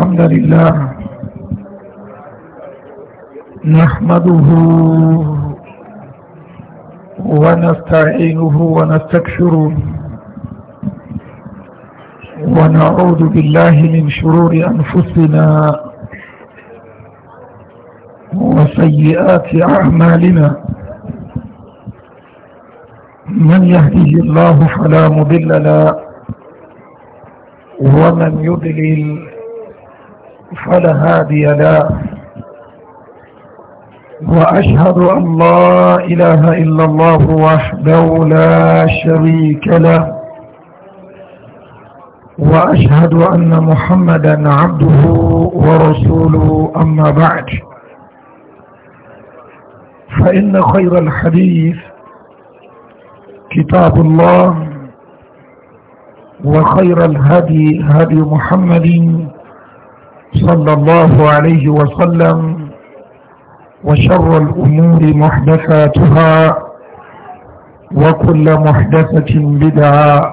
الحمد لله نحمده ونستعينه ونستكشره ونعوذ بالله من شرور أنفسنا وسيئات أعمالنا من يهديه الله فلا مضل له ومن يضلل فلا هادي له وأشهد أن لا إله إلا الله وحده لا شريك له وأشهد أن محمدا عبده ورسوله أما بعد فإن خير الحديث كتاب الله وخير الهدي هدي محمد صلى الله عليه وسلم وشر الأمور محدثاتها وكل محدثة بدعة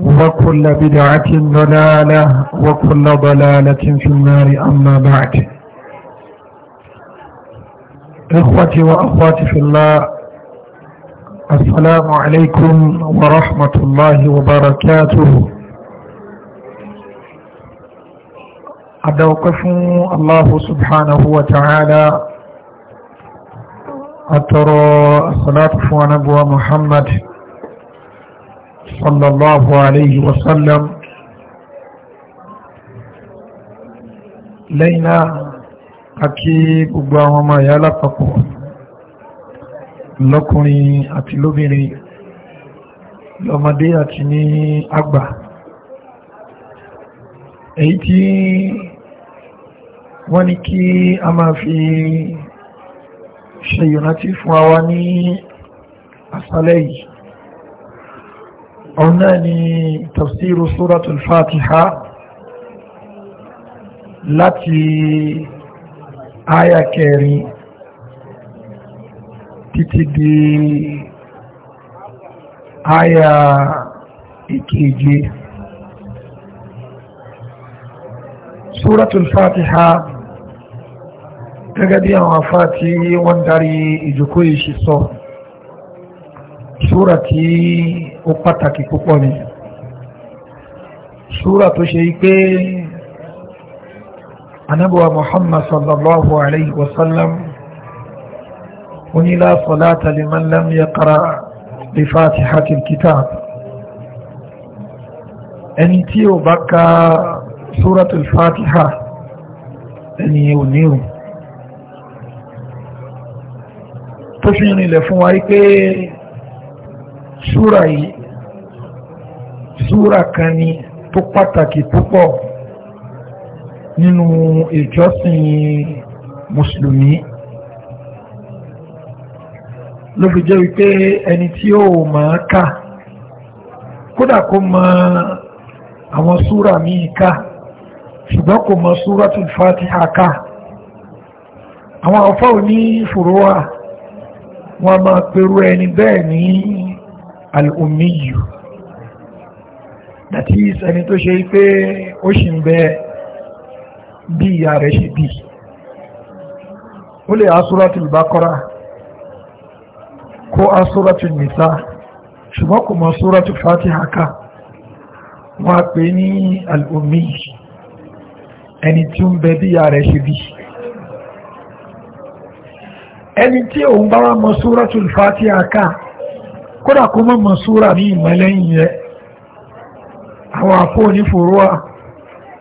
وكل بدعة ضلالة وكل ضلالة في النار أما بعد إخوتي وأخواتي في الله السلام عليكم ورحمة الله وبركاته adáwọ́pẹ́ fún Allahu subhanahu wa ta'ala àtọrọ asalatu fún anábuwa Muhammad sallallahu alayhi wa sallam lẹ́yìnà àti gbogbo àwọn ọmọ ìyá lápapọ̀ lọ́kùnrin àti lóbìnrin lọ́mọdé àti ní àgbà èyí tí wọ́n ní kí a máa fi ṣe ìrántí fún àwa ní àṣálẹ́ yìí ọ̀nà ni tafsiru suratul fatiha láti aya títí di aya ìkeje. Suratul Fatiha gẹ́gẹ́ bí àwọn afá tí wọ́n darí ìjòkó ìṣe sọ ṣúra tí ó pàtàkì púpọ̀ ni ṣúra tó ṣe pé anábọ̀wà Muhammad sallallahu alaihi wasallam onílá salata liman lam yaqra bi fatihatil kitab ẹni tí ó bá ka súrọ̀tù fatiha ẹni ò ní o tó fi rìnlẹ̀ fún wa wípé súra yìí súra kan ni tó pàtàkì púpọ̀ nínú ìjọsìn mùsùlùmí ló fi jẹ́ wípé ẹni tí ó máa kà kódà kó mọ àwọn súra míì ká ṣùgbọ́n kò mọ̀ súratul fatiha ká àwọn ọ̀fọ́ òní fòrówà wọ́n máa pẹ̀rú ẹni bẹ́ẹ̀ ní al-ummiyu that is ẹni tó ṣe pé ó ṣì ń bẹ bí ìyá rẹ̀ ṣe bí ó lè asúratul baqara kó asúratul nisa ṣùgbọ́n kò mọ̀ súratul fatiha ká wọ́n pè ní al ẹni tí ó ń bẹ bíyà rẹ̀ ṣe bí ẹni tí òun bá wá mọ Suratul Fatiha ká kódà kó mọ́ mọ súra ní ìmọ̀lẹ́yìn rẹ̀ àwọn àpò onífòró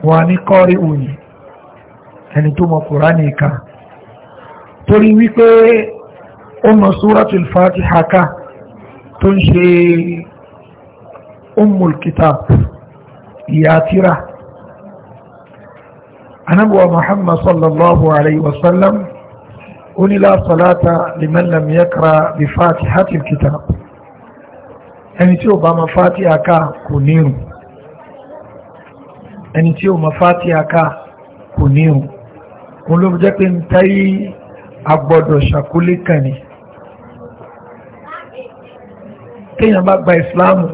wà ní kọ́rí òyìn ẹni tó mọ Kùránì ká torí wípé ó mọ Suratul Fatiha ká tó ń ṣe Ummul Kitab ìyá tíra anábọ̀wà muhammad sallallahu alayhi wa sallam ó ní la salata liman lam yakra bi fatihatil kitab ẹni tí ó bá ma fatiha ká kò nírun ẹni tí ó ma fatiha ká kò nírun òun ló jẹ́ pé ń táyé agbọ́dọ̀ ṣàkólé kan ni bá gba ìsìláàmù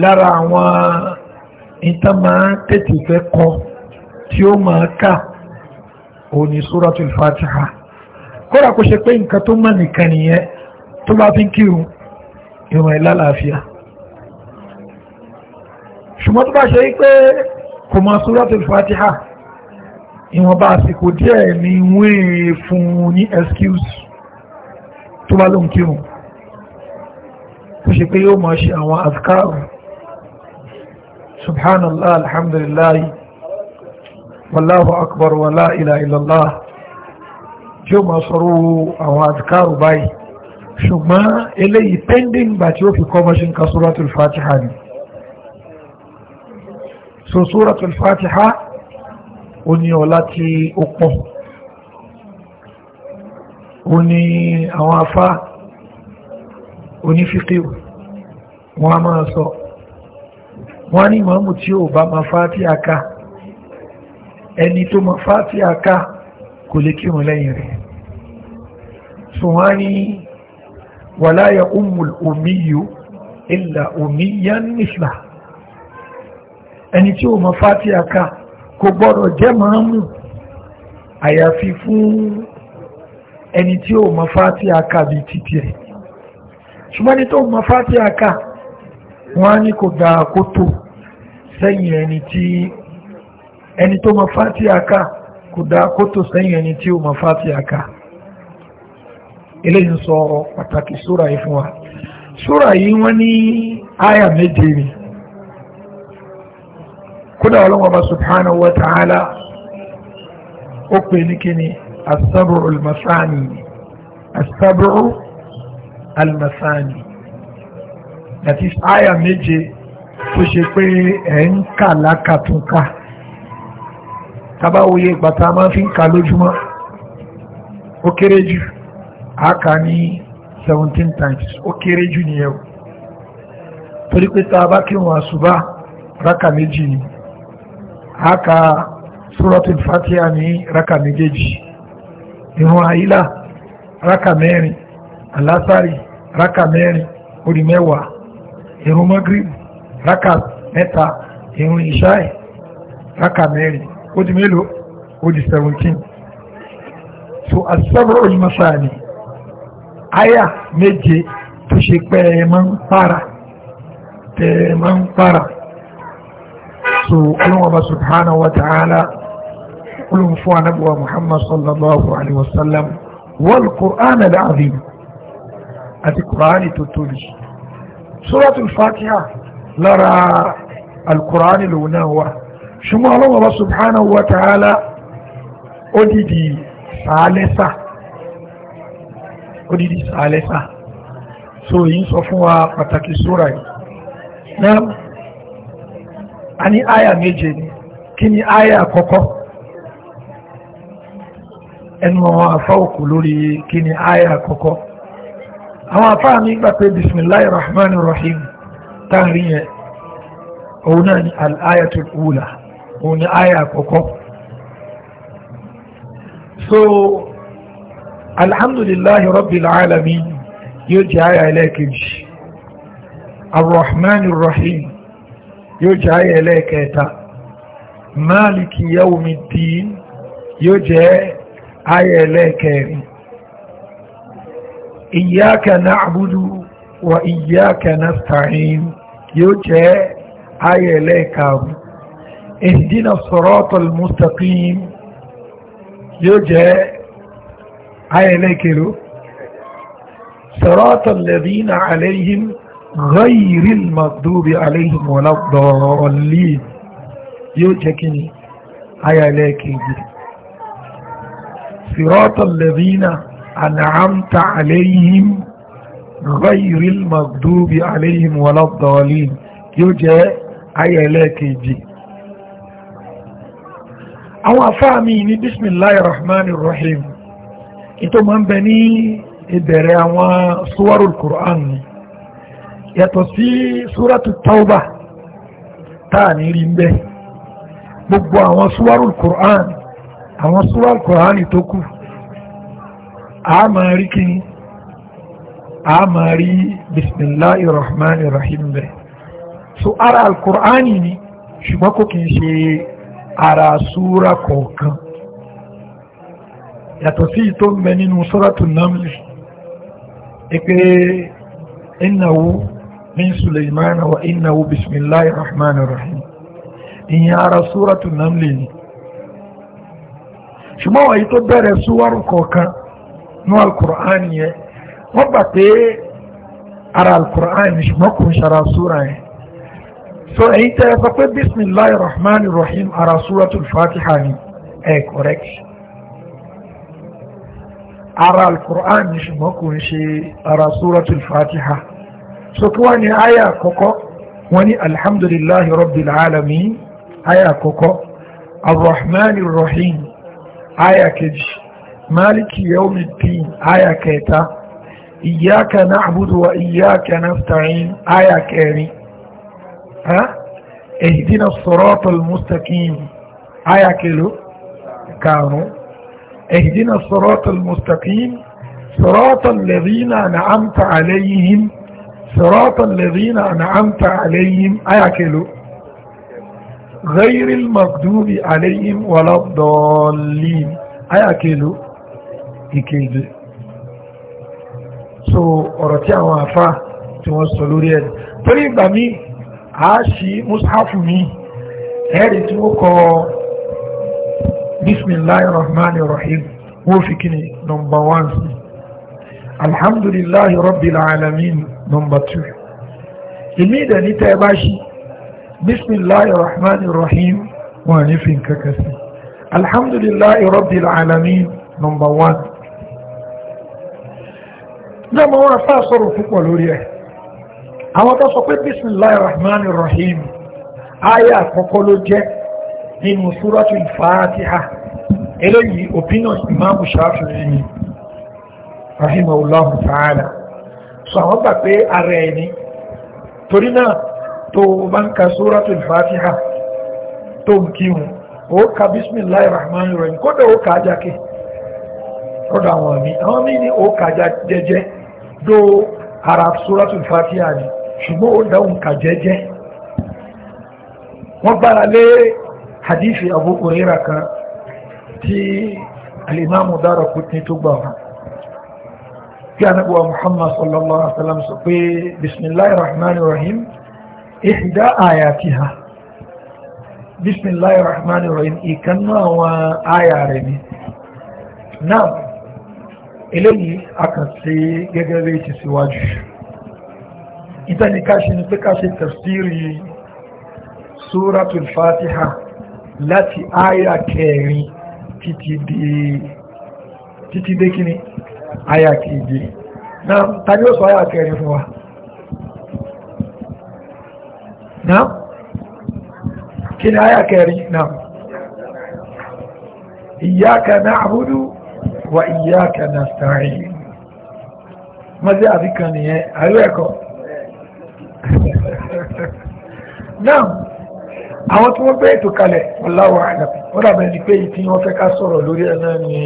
lára àwọn ìtàn máa tètè fẹ́ kọ́ tí ó máa ká òní suratul fatiha kódà kò ṣe pé nǹkan tó mọ̀ nìkan nìyẹn tó bá fi ń kírun ìrun ìlàlàáfíà ṣùgbọ́n tó bá ṣe pé kò mọ̀ suratul fatiha ìwọ̀nba àsìkò díẹ̀ ni wọ́n fún ní excuse tó bá ló kírun tó ṣe pé yóò máa ṣe àwọn azkaru subhanallah alhamdulillah wallahu akbar wa la ilaha illallah tí ó máa sọ̀rọ̀ àwọn àdìkárù báyìí ṣùgbọ́n eléyìí pending gbà tí ó fi kọ́ mọ́ṣin ka suratul fatiha ni so suratul fatiha ó ní ọlá tí ó pọ̀ ó ní àwọn afá onífíkíw wọ́n a máa sọ wọ́n ní mọ́mù tí ó bá ma fatiha ká ẹni tó mọ fátíà ká kò lè kírun lẹ́yìn rẹ̀ sùnwárí wàlá ya'ummul ummiyu illa ummiyan misla ẹni tí ó mọ fátíà ká kò gbọ́dọ̀ jẹ́ màámù àyàfi fún ẹni tí ó mọ fátíà ká bíi títí ẹ̀ ṣùgbọ́n tó mọ fátíà ká wọ́n á ní kò gbà kó tó sẹ́yìn ẹni tí ẹni tó mọ fatiha ká kò dá kó tó sẹ́yìn ẹni tí ó mọ fatiha ká eléyìí sọ pàtàkì súra yìí fún wa súra yìí wọ́n ní àyà méje ni kódà ọlọ́wọ́ bá subhanahu wa ta'ala ó pè ní kíni asábùrù almasani asábùrù almasani that is àyà méje tó ṣe pé ẹ̀ ń kà lákàtúnkà tàbá oye gbàtà máa fi ń ka lójúmọ́ ó kéré jù á kà 17 times ó kéré jù ní ẹ̀wọ̀ torí pé tá a bá kí wọn àṣùbá rákà méjì ni á ka suratul fatiha ní rákà méjèèjì ìrun àyílà rákà mẹ́rin alásàrì rákà mẹ́rin orí mẹ́wàá ìrun magrib rákà mẹ́ta ìrun ìṣáì rákà mẹ́rin ó di mélòó ó di seventeen so asọ́bọ̀ olùmọ̀sáàlì àyà méje tó ṣe pé ẹ máa ń para tẹ ẹ máa ń para so ọlọ́wọ́ba subhanahu wa ta'ala olùn fún anábùwà muhammad sallallahu alayhi wa sallam wal qur'an al-azim àti qur'an tó suratul fatiha lára al-qur'an lòun ṣùgbọ́n ọlọ́wọ́ bá subhanahu wa ta'ala ó dìdì sàálẹ́sà ó dìdì sàálẹ́sà so yìí sọ fún wa pàtàkì sóra yìí náà a ní àyà méje ni kí ni àyà àkọ́kọ́ ẹnu àwọn afá òkú lórí kí ni àyà àkọ́kọ́ àwọn afá mi gbà pé bisimilahi rahman rahim táàrí yẹn òun náà ni al ula òun ni àyà àkọ́kọ́ so alhamdulillahi rabbil alamin yóò jẹ́ àyà ẹlẹ́ẹ̀kejì arrahmanir rahim yóò jẹ́ àyà ẹlẹ́ẹ̀kẹta maliki yawmiddin yóò jẹ́ àyà ẹlẹ́ẹ̀kẹrin iyyaka na'budu wa iyyaka nasta'in yóò jẹ́ àyà ẹlẹ́ẹ̀karùn اهدنا الصراط المستقيم يجاء هاي لكيلو صراط الذين عليهم غير المغضوب عليهم ولا الضالين يجاء كني هاي لكيلو صراط الذين أنعمت عليهم غير المغضوب عليهم ولا الضالين يجاء هاي لكيلو àwọn afáàmì ní bismillahir rahmanir rahim ìtò ma ń bẹ ní ìbẹ̀rẹ̀ àwọn suwarul Qur'an ni yàtọ̀ sí suratu tauba táà ní rí ń bẹ gbogbo àwọn suwarul Qur'an àwọn suwarul Qur'an tó kù a ma rí kí a ma rí bismillahir rahmanir rahim bẹ so ara al-Qur'ani ni ṣùgbọ́n kò kìí ṣe ara súra kọ̀ọ̀kan yàtọ̀ sí tó ń bẹ nínú sọ́rọ̀tù námlì ipé innahu min suleimana wa innahu bismillahi rahmanir rahim ìyẹn ara súrọ̀tù námlì ni ṣùgbọ́n wàyí tó bẹ̀rẹ̀ súwárù kọ̀ọ̀kan ní alkùrán yẹn wọ́n gbà pé ara alkùrán ṣùgbọ́n kò ń ṣara súra yẹn so èyí tẹ́ ẹ sọ pé bismillahir rahmanir rahim ara suratul fatiha ni ẹ correct ara al-Qur'an ni ṣùgbọ́n kò ń ṣe ara suratul fatiha so kí wọ́n ní aya àkọ́kọ́ wọ́n ní alhamdulillahi rabbil alamin aya àkọ́kọ́ arrahmanir rahim aya kejì maliki yawmiddin aya kẹta iyyaka na'budu wa iyyaka nasta'in aya kẹrin اهدنا الصراط المستقيم آية كيلو كانوا اهدنا الصراط المستقيم صراط الذين أنعمت عليهم صراط الذين أنعمت عليهم آية كيلو غير المغضوب عليهم ولا الضالين آية كيلو ìkéde سو ọ̀rọ̀ وافا àwọn àfá tí wọ́n àáṣì mushafu mi ẹ̀rì tí ó kọ bismillahi rahmani rahim wọ́n fi kí ni nọmba 1 sí alhamdulillahi rabbil alamin nọmba 2 ìmí ìdẹ̀ ní tẹ́ bá ṣí bismillahi rahmani rahim wọ́n ní fi nǹkan sí alhamdulillahi rabbil alamin nọmba 1 náà mọ́ wọn fà púpọ̀ lórí ẹ̀ àwọn tó sọ pé bismillahir rahmanir rahim ayé àkọ́kọ́ ló jẹ́ nínú suratul fatiha eléyìí opinion imam shafi'i rahimahullahu ta'ala sọ àwọn gbà pé ara ẹni torí náà tó bá ń ka suratul ha tó ń kírun ó ka bismillahir rahmanir rahim kódà ó ka ajáke kódà àwọn mi àwọn mi ni ó ka jẹjẹ dó ara suratul fatiha ni ṣùgbọ́n ó dáhùn kà jẹ́jẹ́ wọ́n gbára lé hadithi Abu Huraira kan tí alimamu Daraqutni tó gbà wọn kí anábíwa Muhammad sallallahu alaihi wasallam sọ pé bismillahir rahmanir rahim ihda ayatiha bismillahir rahmanir rahim ìkànnà àwọn àyà rẹ̀ ni náà eléyìí a kàn sí gẹ́gẹ́ bí ti síwájú ìtẹ́ni káṣe ní pé káṣe tafsiri suratul fatiha láti àyà kẹrin títí dé kíní àyà keje náà tàbí ó sọ àyà kẹrin fún wa náà kíní àyà kẹrin náà iyyaka na'budu wa iyyaka nasta'in mọ́sí àfikàn nìyẹn àríwẹ̀kọ́ náà àwọn tí wọ́n gbé ètò kalẹ̀ ọláwọ̀ àdàpì wọ́n dàbẹ̀ ní pé ìtí wọ́n fẹ́ ká sọ̀rọ̀ lórí ẹ̀ náà ni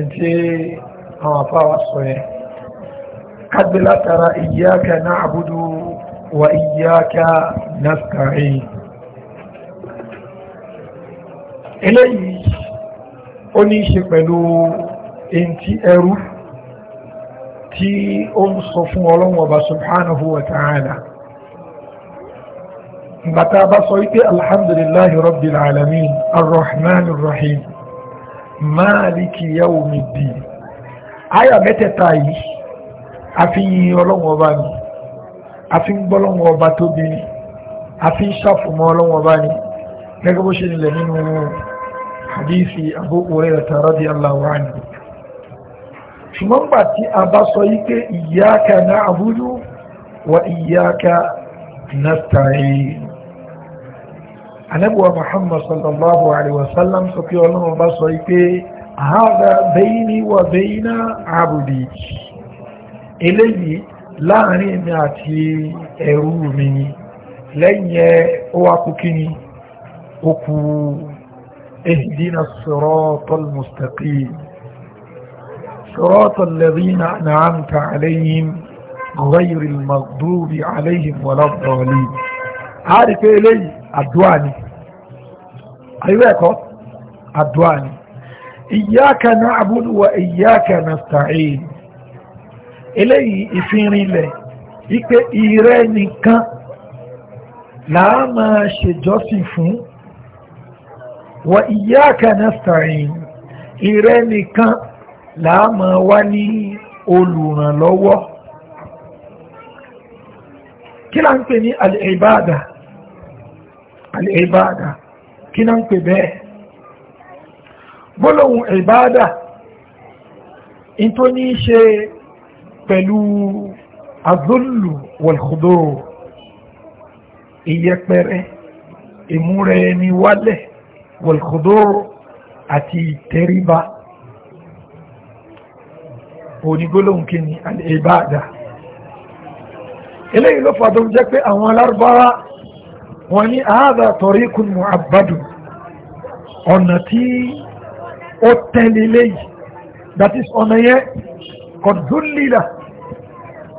ẹ̀tí àwọn afáwà sọ yẹn kágbé látara iyyaka na'budu wa iyyaka nasta'in eléyìí ó bàtà bá sọ wípé alhamdulillahi rabbil alamin arrahman arrahim maliki yawmiddin àyà mẹ́tẹ̀ẹ̀ta yìí a fi yin ọlọ́wọ́ ọba ni a fi ń gbọ́lọ́wọ́ ọba tóbi ni a fi ń ṣàfùmọ́ ọlọ́wọ́ ọba ni gẹ́gẹ́ bó ṣe nílẹ̀ nínú hadisi Abu Hurairah radiyallahu anhu ṣùgbọ́n gbà tí a bá sọ wípé iyyaka na'budu wa iyyaka nasta'in anabuwa muhammad sallallahu alaihi wasallam sọ pé ọlọ́run bá sọ pé àhádà bayni wa bayna abdi eléyìí láàrin mi àti ẹrú mi ni lẹ́yìn ẹ ó wá kú kí ni ó kú ihdina siratal mustaqim siratal ladhina an'amta a rí pé eléyìí àdúà ni àyíwẹ̀ ẹ̀kọ́ àdúà ni iyyaka na'budu wa iyyaka nasta'in eléyìí ìfinrinlẹ̀ wípé ìrẹ́ nìkan làá máa ṣèjọ́sìn fún wa iyyaka nasta'in ìrẹ́ nìkan làá máa wá ní olùrànlọ́wọ́ kí là ń pè ní al-ibada al'ibada kí náà ń pè bẹ́ẹ̀ gbólóhùn ìbáadà in tó ní ṣe pẹ̀lú azullu wal-khudu ìyẹpẹrẹ ìmúra ẹni wálẹ̀ wal-khudu àti ìtẹríba onígbólóhùn kí ni al'ibada eléyìí ló fàdó jẹ́ pé àwọn alárúbáwá wọ́n ní ààbà tariqun mu'abbadun ọ̀nà tí ó tẹ̀lé léyìí that is ọ̀nà yẹn kọ̀dúnlìlà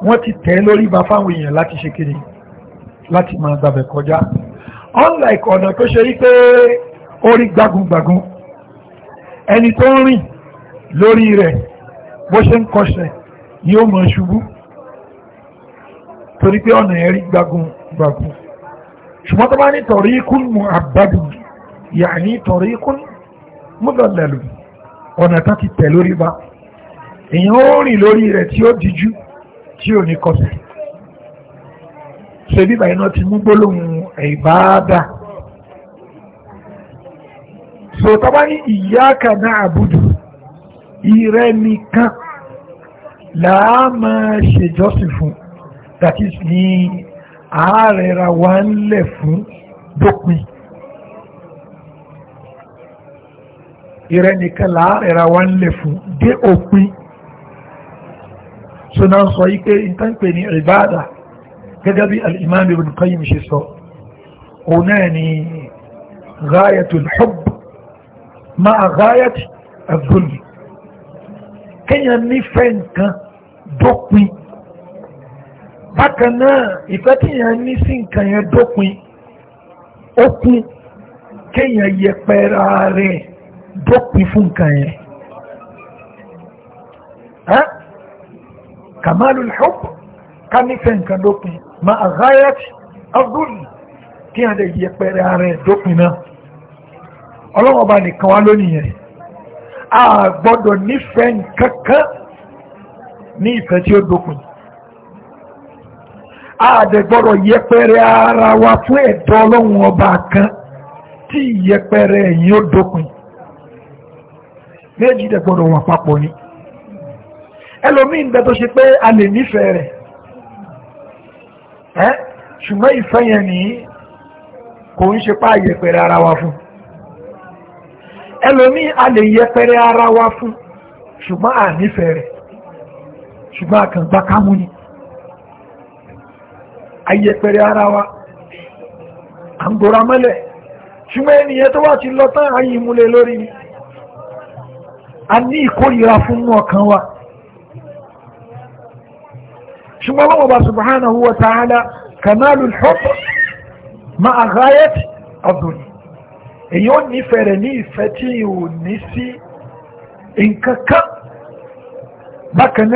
wọ́n ti tẹ̀ lórí bá fáwọn èèyàn láti ṣe kiri láti máa gbàbẹ̀ kọjá unlike ọ̀nà tó ṣe rí pé orí gbagungbagun ẹni tó ń rìn lórí rẹ̀ bó ṣe ń kọsẹ̀ ni ó mọ̀ ṣubú torí pé ọ̀nà ẹ̀rí gbagungbagun ṣùgbọ́n tó bá ní tọ̀ríkún mu'abbadu yàní tọ̀ríkún mudhallalu ọ̀nà tó ti tẹ̀ lórí bá èèyàn ó rìn lórí rẹ̀ tí ó dijú tí ò ní kọsẹ̀ ṣe bíbá iná ti mú gbólóhùn ìbáadà so tó bá ní iyyaka na'budu ìrẹ́ nìkan làá máa ṣèjọ́sìn fún that is ní ààrẹ ra wá ń lẹ̀ fún dópin ìrẹ́ nìkan láàrẹ ra wá ń lẹ̀ fún dé òpin sọ́nà sọ yí pé ìtànpẹ̀ ní ìbáàdà gẹ́gẹ́ bí al Ibn Qayyim ṣe sọ òun náà ni ghayatul hubb ma'a ghayati adh-dhulm kéèyàn nífẹ̀ẹ́ nǹkan dópin bákan náà ìfẹ́ tí yẹn ní sí nǹkan yẹn dópin ó kún kéèyàn yẹpẹra rẹ̀ dópin fún nǹkan yẹn kamalul hubb ká nífẹ̀ẹ́ nǹkan dópin ma àgáyàtì azul kí a lè yẹpẹrẹ ààrẹ dópin náà ọlọ́wọ́ ọba nìkan wá lónìí yẹn a gbọ́dọ̀ nífẹ̀ẹ́ nǹkankan ní ìfẹ́ tí ó dópin àdẹ̀gbọ́rọ̀ yẹpẹrẹ ara wa fún ẹ̀dọ́ ọlọ́run ọba kan tí yẹpẹrẹ ẹ̀yìn ó dópin méjì dẹ̀gbọ́rọ̀ wà papọ̀ ni ẹlòmí ń bẹ tó ṣe pé a lè nífẹ̀ẹ́ rẹ̀ ẹ́ ṣùgbọ́n ìfẹ́ ní kò ń ṣe pá ara wa fún a lè ara wa fún ṣùgbọ́n a nífẹ̀ẹ́ rẹ̀ ṣùgbọ́n ni ayẹpẹrẹ ara wa à ń gbọ́ra mọ́lẹ̀ ṣùgbọ́n ẹnìyẹn tó wà ti lọ tán ayé ìmúlẹ̀ lórí ni a ní ìkórìíra fún mú ọkàn wa ṣùgbọ́n lọ́wọ́ bá subhanahu wa ta'ala kanalul hubb ma'a ghayati aduni èyí ó nífẹ̀ẹ́ rẹ̀ ní ìfẹ́ tí ò ní sí nǹkan kan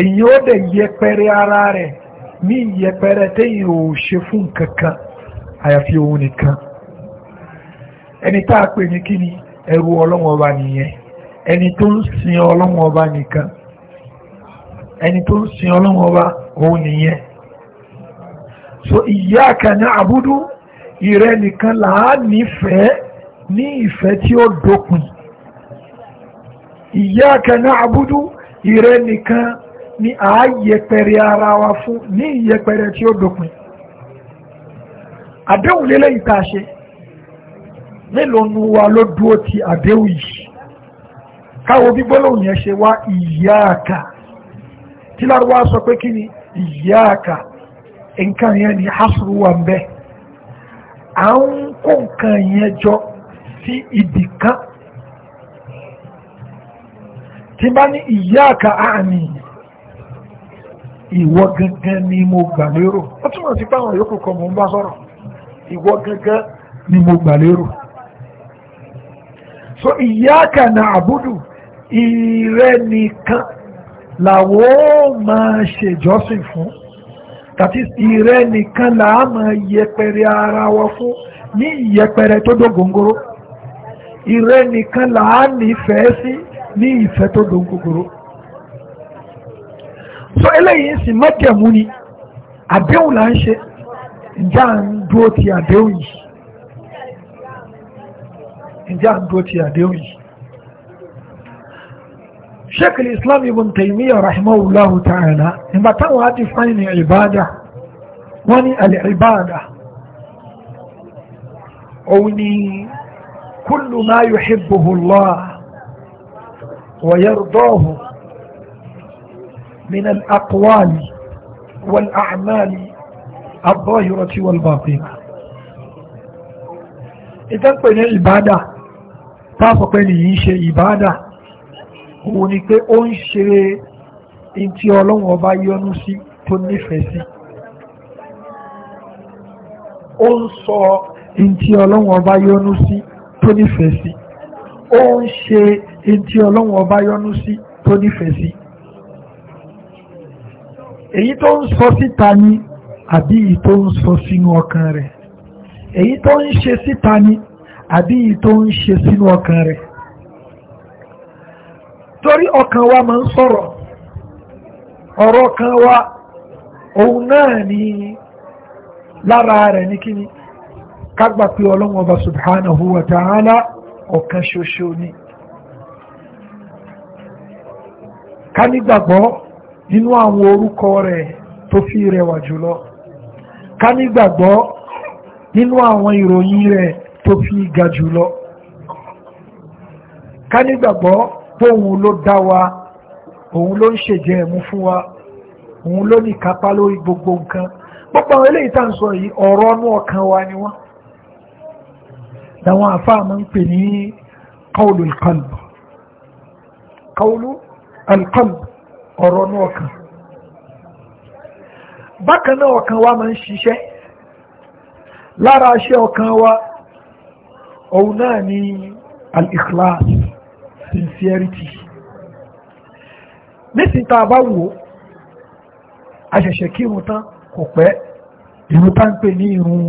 èyí ó dẹ̀ yẹpẹrẹ ara rẹ̀ ní ìyẹpẹrẹ téyìn ò ṣe fún kankan àyàfi òun nìkan ẹni tá a pè ní kí ni ẹrú ọlọ́wọ́n ọba nìyẹn ẹni tó ń sin ọlọ́wọ́n ọba nìkan ẹni tó ń sin ọlọ́wọ́n ọba òun nìyẹn so iyyaka na'budu ìrẹ́ nìkan là á nífẹ̀ẹ́ ní ìfẹ́ tí ó dópin iyyaka na'budu ìrẹ́ nìkan ni a yẹpẹrẹ ara wa fún ní ìyẹpẹrẹ tí ó dópin àdéhùn lélẹ̀ yìí tá a ṣe mélòó nu wa ló dúró ti àdéhùn yìí káwo bí gbólóhùn yẹn ṣe wá ìyáàkà tí lárúbá sọ pé kí ni ìyáàkà nǹkan yẹn ni hasru wà ń bẹ à ń kó nǹkan yẹn jọ sí ibì kan tí bá ní ìyáàkà àmì yìí ìwọ gangan ni mo gbà lérò ó túnmọ̀ sí páwọn yòókù kan mò ń bá sọ̀rọ̀ ìwọ gangan ni mo gbà lérò so iyyaka na'budu ìrẹ nìkan làwọ́ máa ṣèjọ́sìn fún tàbí ìrẹ nìkan làá máa yẹpẹrẹ ara wa fún ní ìyẹpẹrẹ tó dógóngóró ìrẹ nìkan làá nífẹ̀ẹ́ sí ní ìfẹ́ tó dógóngóró so eléyìí sì mẹ́tẹ̀mú ni àdéhùn là ń ṣe ǹjẹ́ à ń dúró ti àdéhùn yìí ǹjẹ́ à ń dúró ti àdéhùn yìí sheikh islam ibn taymiya rahimahullahu ta'ala nígbà táwọn á ti fain ní ìbáàdà wọ́n ní al-ìbáàdà òun ni kullu ma yuhibbuhu Allah wa yardahu من الأقوال والأعمال الظاهرة والباطنة إذا كان عبادة تافقين يشي عبادة ونكي أنشي انتي أولون وبايونسي تنفسي ó ń sọ ntí ọlọ́wọ́n ọba yọ́nú sí tó nífẹ̀ẹ́ sí ó ń ṣe ntí èyí tó ń sọ síta ni àbí èyí tó ń sọ sínú ọkàn rẹ̀ èyí tó ń ṣe síta ni àbí èyí tó ń ṣe sínú ọkàn rẹ̀ torí ọkàn wa máa ń sọ̀rọ̀ ọ̀rọ̀ kan wa òun náà ni lára rẹ̀ ní kíni kágbà pé ọlọ́run ọba subhanahu wa ta'ala ọ̀kan ṣoṣo ni ká nígbàgbọ́ nínú àwọn orúkọ rẹ̀ tó fi rẹwà jùlọ ká nígbàgbọ́ nínú àwọn ìròyìn rẹ̀ tó fi ga jùlọ ká nígbàgbọ́ póun ló dá wa òun ló ń ṣèjẹ́ ẹ̀mú fún wa òun ló ní kápá lórí gbogbo nǹkan gbogbo àwọn eléyìí tá à ń sọ yìí ọ̀rọ̀ ọnú ọkàn wa ni wọ́n làwọn àfáà máa ń pè ní qawlu al-qalb qawlu ọ̀rọ̀ ní ọkàn bákan náà ọkàn wa máa ń ṣiṣẹ́ lára iṣẹ́ ọkàn wa òun náà ni al-ikhlas sincerity nísìn tá a bá wò àṣẹ̀ṣẹ̀ kí irun tán kò pẹ́ irun tá ń pè ní irun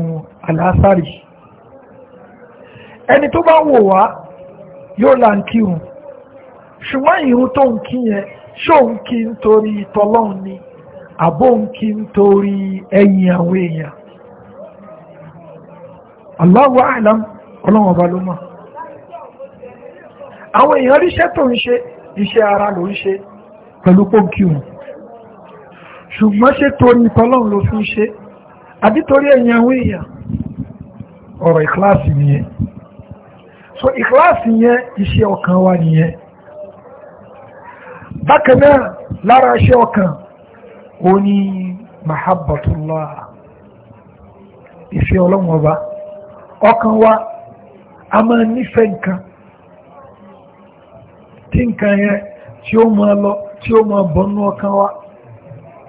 alásàrì ẹni tó bá wò wá yóò là ń kírun ṣùgbọ́n irun tó ń kí yẹn ṣóun kí n torí ni àbóun kí n torí ẹ̀yìn àwọn èèyàn Allahu ọba ló mọ̀ àwọn èèyàn ríṣẹ́ tó ń ṣe iṣẹ́ ara ló ń ṣe pẹ̀lú pọ́ǹkì wọn ṣùgbọ́n ṣe torí ló fi ń ṣe àbí ẹ̀yìn àwọn èèyàn ọ̀rọ̀ ìkíláàsì nìyẹn so ìkíláàsì yẹn wa nìyẹn bákan náà lára ṣe ọkàn ó ní mahabbatullah ìfẹ́ ọlọ́run ọba ọkàn wa a ma nífẹ̀ẹ́ nǹkan tí nǹkan yẹn tí ó máa lọ tí ó máa bọ̀ nínú ọkàn wa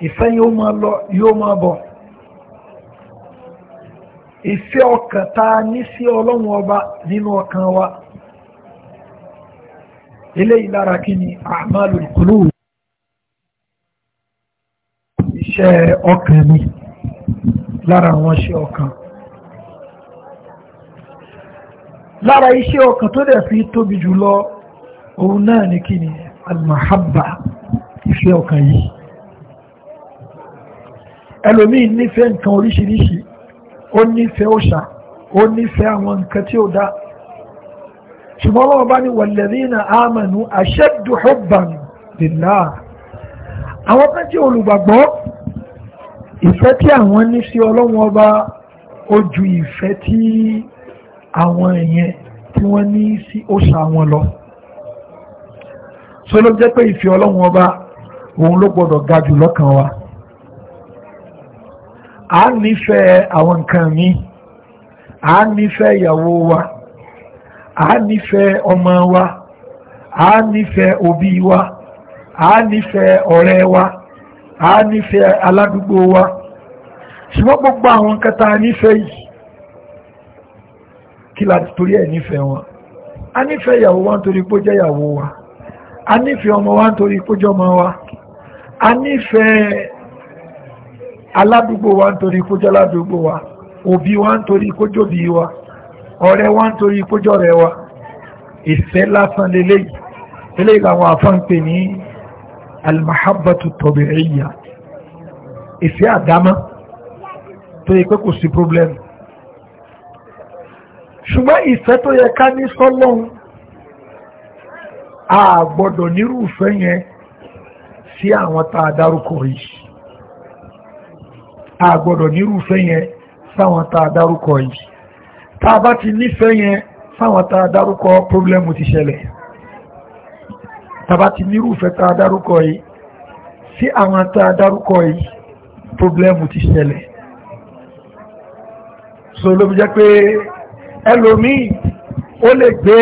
ìfẹ́ yẹn ó máa lọ yóò máa bọ̀ ìfẹ́ ọkàn tá a ní sí ọlọ́run ọba nínú ọkàn wa. eléyìí lára kí ni a'malul qulub iṣẹ́ ọkàn mi lára àwọn iṣẹ́ ọkàn lára iṣẹ́ ọkàn tó dẹ̀ fi tóbi jùlọ òun náà ni kí ni almahabba iṣẹ́ ọkàn yìí ẹlòmíì nífẹ̀ẹ́ nǹkan oríṣiríṣi ó nífẹ̀ẹ́ òṣà ó nífẹ̀ẹ́ àwọn nǹkan tí ó dáa ṣùgbọ́n wọ́n bá ní walladhina amanu ashaddu hubban lillah àwọn tó jẹ́ olùgbàgbọ́ ìfẹ́ tí àwọn ní sí ọlọ́wọ́n ọba ó ju ìfẹ́ tí àwọn èèyàn tí wọ́n ní sí òṣà wọn lọ so ló jẹ́ pé ìfẹ́ ọlọ́wọ́n ọba òun ló gbọ́dọ̀ ga jù lọ́kàn wa a nífẹ̀ẹ́ àwọn nǹkan mi a nífẹ̀ẹ́ ìyàwó wa a n'ife ọmọ wa a n'ife òbí wa a n'ife ọ̀rẹ́ wa a n'ife aládùúgbò wa ṣùgbọ́n gbogbo àwọn kẹta nífẹ̀ẹ́ yìí kí la torí ẹ̀ a n'ife ìyàwó wa nítorí pó wa a n'ife ọmọ wa nítorí ọmọ wa a n'ife aládùúgbò wa nítorí pó wa òbí wa nítorí pó jẹ́ ọ̀rẹ́ wa ń torí kójọ́ rẹ̀ wa ìfẹ́ lásán lélẹ́yìí eléyìí làwọn àfáǹpè ní almahabbatu tabi'iyya ìfẹ́ àdámá tó yẹ pé kò sí problem ṣùgbọ́n ìfẹ́ tó yẹ ká ní sọ́lọ́hun a gbọ́dọ̀ nírúfẹ́ yẹn sí àwọn tá a dárúkọ yìí a gbọ́dọ̀ nírúfẹ́ yẹn sáwọn tá a dárúkọ yìí tá a bá ti nífẹ̀ẹ́ yẹn fáwọn tá a dárúkọ pọ́blẹ́mù ti ṣẹlẹ̀ tá a bá ti nírúfẹ́ tá a dárúkọ yìí sí àwọn tá a dárúkọ yìí pọ́blẹ́mù ti ṣẹlẹ̀ so ló fi jẹ́ pé ẹlòmíì ó lè gbé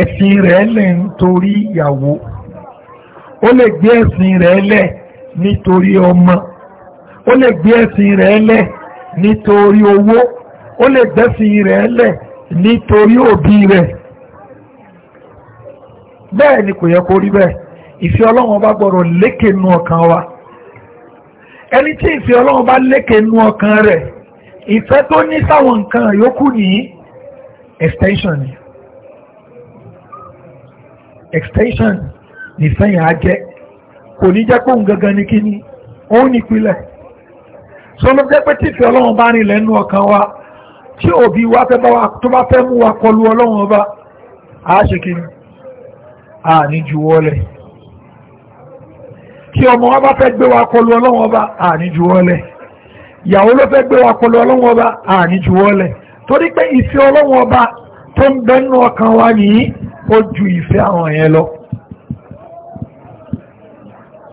ẹ̀sìn rẹ̀ lẹ̀ nítorí ìyàwó ó lè gbé ẹ̀sìn rẹ̀ lẹ̀ nítorí ọmọ ó lè gbé ẹ̀sìn rẹ̀ lẹ̀ nítorí owó ó lè gbẹ́sìn rẹ̀ lẹ̀ nítorí òbí rẹ̀ bẹ́ẹ̀ ni kò yẹ kó rí bẹ́ẹ̀ ìfẹ́ ọlọ́run bá gbọ́dọ̀ lékè nu ọkàn wa ẹni tí ìfẹ́ ọlọ́run bá lékè nu ọkàn rẹ̀ ìfẹ́ tó ní sáwọn nǹkan yòókù ní extension ni extension nìfẹ́ yẹn á jẹ́ kò ní jẹ́ kóhun gangan ní kíní òun pé tí wa tí òbí wa fẹ́ bá wa tó bá fẹ́ mú wa kọlu ọlọ́run ọba a ni a ní juwọ́lẹ̀ tí ọmọ wa bá fẹ́ gbé wa kọlu ọlọ́run ọba a ní juwọ́lẹ̀ ìyàwó ló fẹ́ gbé wa kọlu ọlọ́run ọba a ní juwọ́lẹ̀ torí pé ìfẹ́ ọlọ́run ọba tó ń bẹ́nu ọkàn wa nìyí ó ju ìfẹ́ àwọn yẹn lọ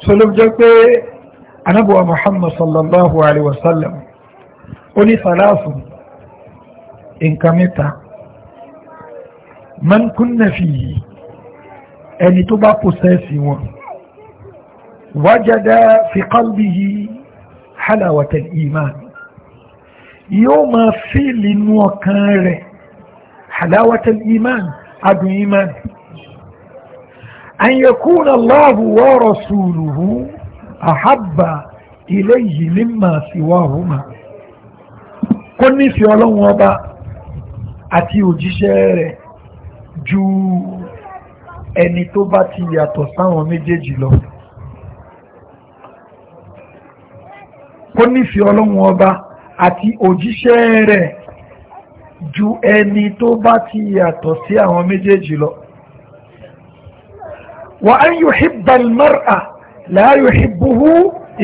so ló jẹ́ pé anábọ̀wà Muhammad sallallahu alaihi wasallam ó ní sàlásùn nǹkan mẹ́ta man kunna fihi ẹni tó bá pòsẹ́ẹ̀sì wọn wajada fi qalbihi halawatal iman yóò máa fíìlì inú ọkàn rẹ̀ halawatal iman adùn iman an yakuna Allahu wa rasuluhu ahabba ilayhi mimma siwahuma kó nífẹ̀ẹ́ ọlọ́run ọba àti òjíṣẹ́ rẹ̀ ju ẹni tó bá ti yàtọ̀ sáwọn méjèèjì lọ ó nífẹ̀ẹ́ ọlọ́run ọba àti òjíṣẹ́ rẹ̀ ju ẹni tó bá ti yàtọ̀ sí àwọn méjèèjì lọ wa an yuhibba al-mar'a la yuhibbuhu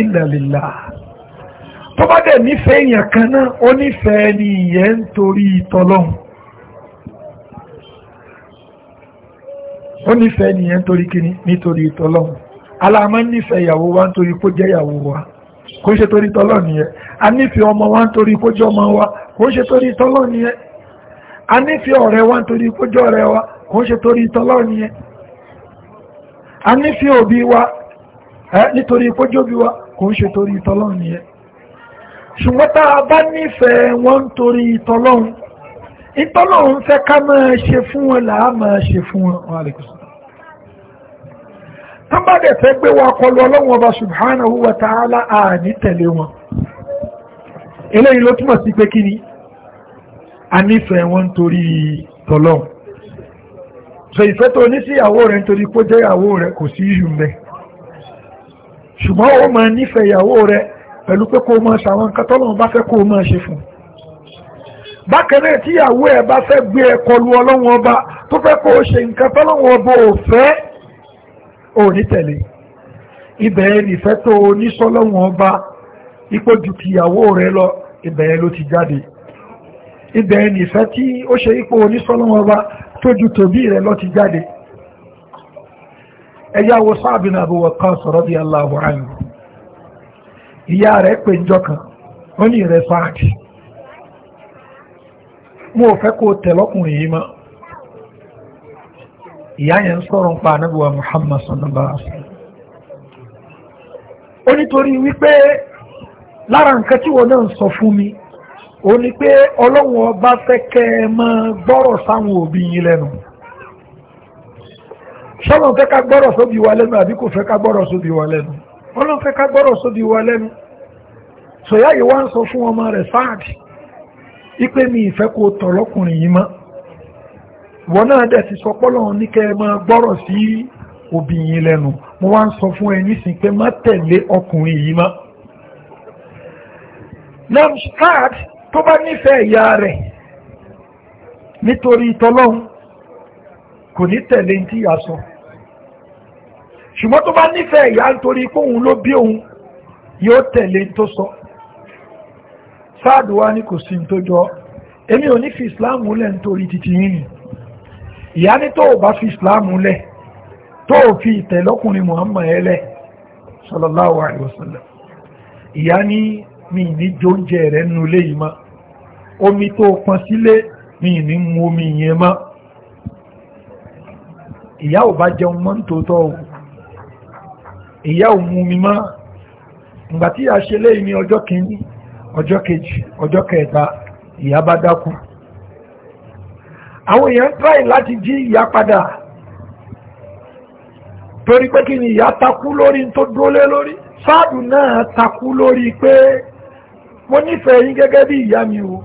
illa lillah tó bá dẹ̀ nífẹ̀ẹ́ èèyàn kan náà ó nífẹ̀ẹ́ ni ìyẹn ń torí ìtọ́lọ́hun ó nífẹ̀ẹ́ nìyẹn torí kíní nítorí ìtọ́lọ́run aláàmọ́ nífẹ̀ẹ́ ìyàwó wa nítorí kó jẹ́ ìyàwó wa kó ṣe torí tọ́lọ́ nìyẹn a nífẹ̀ẹ́ ọmọ wa nítorí kó jẹ́ ọmọ wa kó ṣe torí tọ́lọ́ nìyẹn a nífẹ̀ẹ́ ọ̀rẹ́ wa nítorí kó jẹ́ ọ̀rẹ́ wa kó ṣe torí tọ́lọ́ nìyẹn a nífẹ̀ẹ́ òbí wa nítorí kó jẹ́ òbí wa kó ṣe torí tọ́lọ́ nìyẹn ṣùgbọ́n tá a bá nífẹ̀ẹ́ wọn torí tọ́lọ́run ìtọ́lọ́run fẹ́ ká máa ṣe fún wọn làá máa ṣe fún wọn tán bá dẹ̀ fẹ́ gbé wa kọlu ọlọ́run ọba subhanahu wa ta'ala àní tẹ̀lé wọn eléyìí ló túmọ̀ sí pé kí ni a nífẹ̀ẹ́ wọn nítorí tọ́lọ́run so ìfẹ́ tó ní sí ìyàwó rẹ̀ nítorí kó jẹ́ ìyàwó rẹ̀ kò sí ìyù mẹ́ ṣùgbọ́n ó máa nífẹ̀ẹ́ ìyàwó rẹ̀ pẹ̀lú pé kó máa ṣàwọn nǹkan tọ́lọ́run bá fẹ́ kó máa ṣe fún bákan náà tíyàwó ẹ̀ bá fẹ́ gbé ẹ kọlu ọlọ́run ọba tó fẹ́ kó ṣe nǹkan tọ́lọ́run ọba ò fẹ́ òní tẹ̀lé ibẹ̀ ìfẹ́ tó oníṣọ́lọ́wọ̀n ọba ipò ju tìyàwó rẹ lọ ibẹ̀ ló ti jáde ibẹ̀ nìfẹ́ tí ó ṣe ipò oníṣọ́lọ́wọ̀n ọba tó ju tòbí rẹ lọ ti jáde ẹyáwó sáàbì náà kan sọ̀rọ̀ bí aláwọ̀ ìyá rẹ̀ pè ń jọkàn ó ní ìrẹsáàkì mo fẹ́ kó tẹ̀lọ́kùnrin yìí mọ́ ìyá yẹn ń sọ̀rọ̀ ń pa anábíwá Muhammad sallallahu alaihi wasallam ó nítorí wípé lára nǹkan tí wọ́n náà ń sọ fún mi ó ní pé ọlọ́run ọba fẹ́ kẹ́ ẹ máa gbọ́rọ̀ sáwọn òbí yín lẹ́nu ṣọ́nà fẹ́ ká gbọ́rọ̀ sóbi wa lẹ́nu àbí kò fẹ́ ká gbọ́rọ̀ sóbi wa lẹ́nu ọlọ́run fẹ́ ká gbọ́rọ̀ sóbi wa lẹ́nu sọ̀yá yìí wá ń sọ fún ọmọ rẹ̀ sáàdì ipe mi ìfẹ́ kó tọ̀ lọ́kùnrin yìí mọ́ ìwọ náà dẹ̀ ti sọ pọ́lọ́run ní kẹ́ ẹ máa gbọ́rọ̀ sí obìnrin lẹ́nu mo wá ń sọ fún ẹ nísìn pé má tẹ̀lé ọkùnrin yìí mọ́ namstad tó bá nífẹ̀ẹ́ ìyá rẹ̀ nítorí tọlọ́hun kò ní tẹ̀lé tí ìyá sọ ṣùgbọ́n tó bá nífẹ̀ẹ́ ìyá nítorí kóhun ló bí òun yóò tẹ̀lé tó sọ sáàdù wa kò sí tó jọ èmi ò ní fi islam múlẹ̀ nítorí titi. yìí ìyá ní tó bá fi ìsìláàmù lẹ̀ tó fi ìtẹ̀lọ́kùnrin Muhammad ẹlẹ̀ sallallahu alaihi wasallam ìyá ní mi ní jóúnjẹ rẹ̀ nù lé yìí mọ́ omi tó pọn sílé mi ní mu omi yẹn mọ́ ìyá ò bá jẹun mọ́ nítòótọ́ ìyá ò mú mi mọ́ ìgbà tí a ṣe léyìn ní ọjọ́ kìíní ọjọ́ kejì ọjọ́ kẹta ìyá bá dákú àwọn èèyàn tráì láti jí ìyá padà torí pé kí ni ìyá takú lórí tó dólé lórí sáàdù náà takú lórí pé mo nífẹ̀ẹ́ yín gẹ́gẹ́ bí ìyá mi o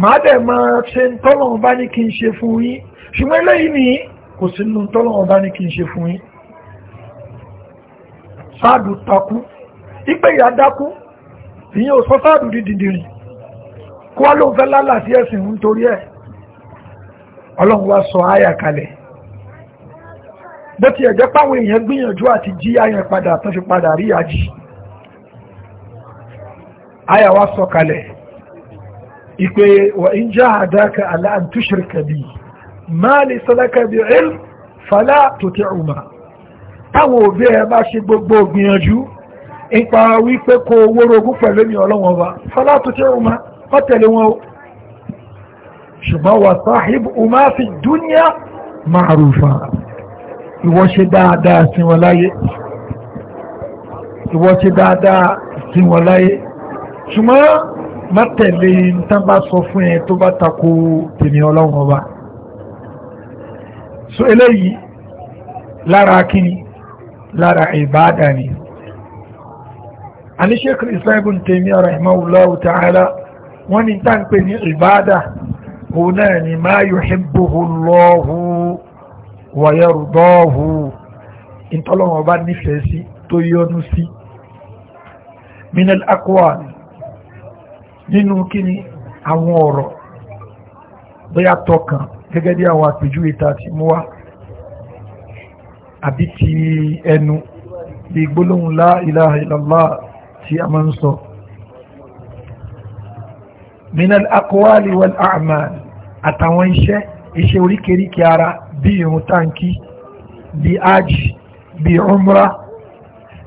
màá dẹ̀ máa ṣe ń tọ́lọ̀wọ̀n bá ní kí n ṣe fún yín ṣùgbọ́n eléyìí ni kò sí nínú tọ́lọ̀wọ̀n bá ní kí n ṣe fún yín sáàdù takú ipe ìyá dákú ìyẹn ò sọ sáàdù dídìdìrìn kó wá lóun fẹ́ lálàá sí ẹ̀sìn nítorí ẹ̀ ọlọ́run wá sọ áyà kalẹ̀ bó ti ẹ̀jẹ́ páwọn èèyàn gbìyànjú àti jí áyàn padà tán fi padà rí àjì áyà wá sọ kalẹ̀ ìpè wà ń já àdáka aláàn túṣìrìkà bíi máa lè sọdáka bíi ẹl fàlà tó ti ọmọ táwọn òbí ẹ bá ṣe gbogbo gbìyànjú ipa wípé kó owó rogún pẹ̀lú mi ọlọ́wọ́n wa fàlà tó ti ọmọ wọ́n tẹ̀lé wọn o ṣùgbọ́n wà sáhìb umá fi dúníà ma'rufa ìwọ ṣe dáadáa sí wọn láyé ìwọ ṣe dáadáa sí wọn láyé ṣùgbọ́n má tẹ̀lé tán bá sọ fún ẹ tó bá takò tèmi ọlọ́run ọba so eléyìí lára kíni lára ìbáadà ni àní Sheikh Islam ibn Taymiyyah rahimahullahu ta'ala wọ́n ni tá ń pè ní ìbáadà òun ما يحبه الله ويرضاه، Allahu wa yardahu ìtọ́lọ́wọ́n bá nífẹ̀ẹ́ sí tó yọ́nú sí minal aqwal nínú kíni àwọn ọ̀rọ̀ bóyá tọkàn gẹ́gẹ́ bí àwọn àpèjú ti mú wá àbí ti ẹnu bí gbólóhùn la ilaha illallah tí a máa ń sọ minal akwali wal a'mal àtàwọn iṣẹ́ iṣẹ́ oríkèríkè ara bí irun táǹkì bí ájì bí umra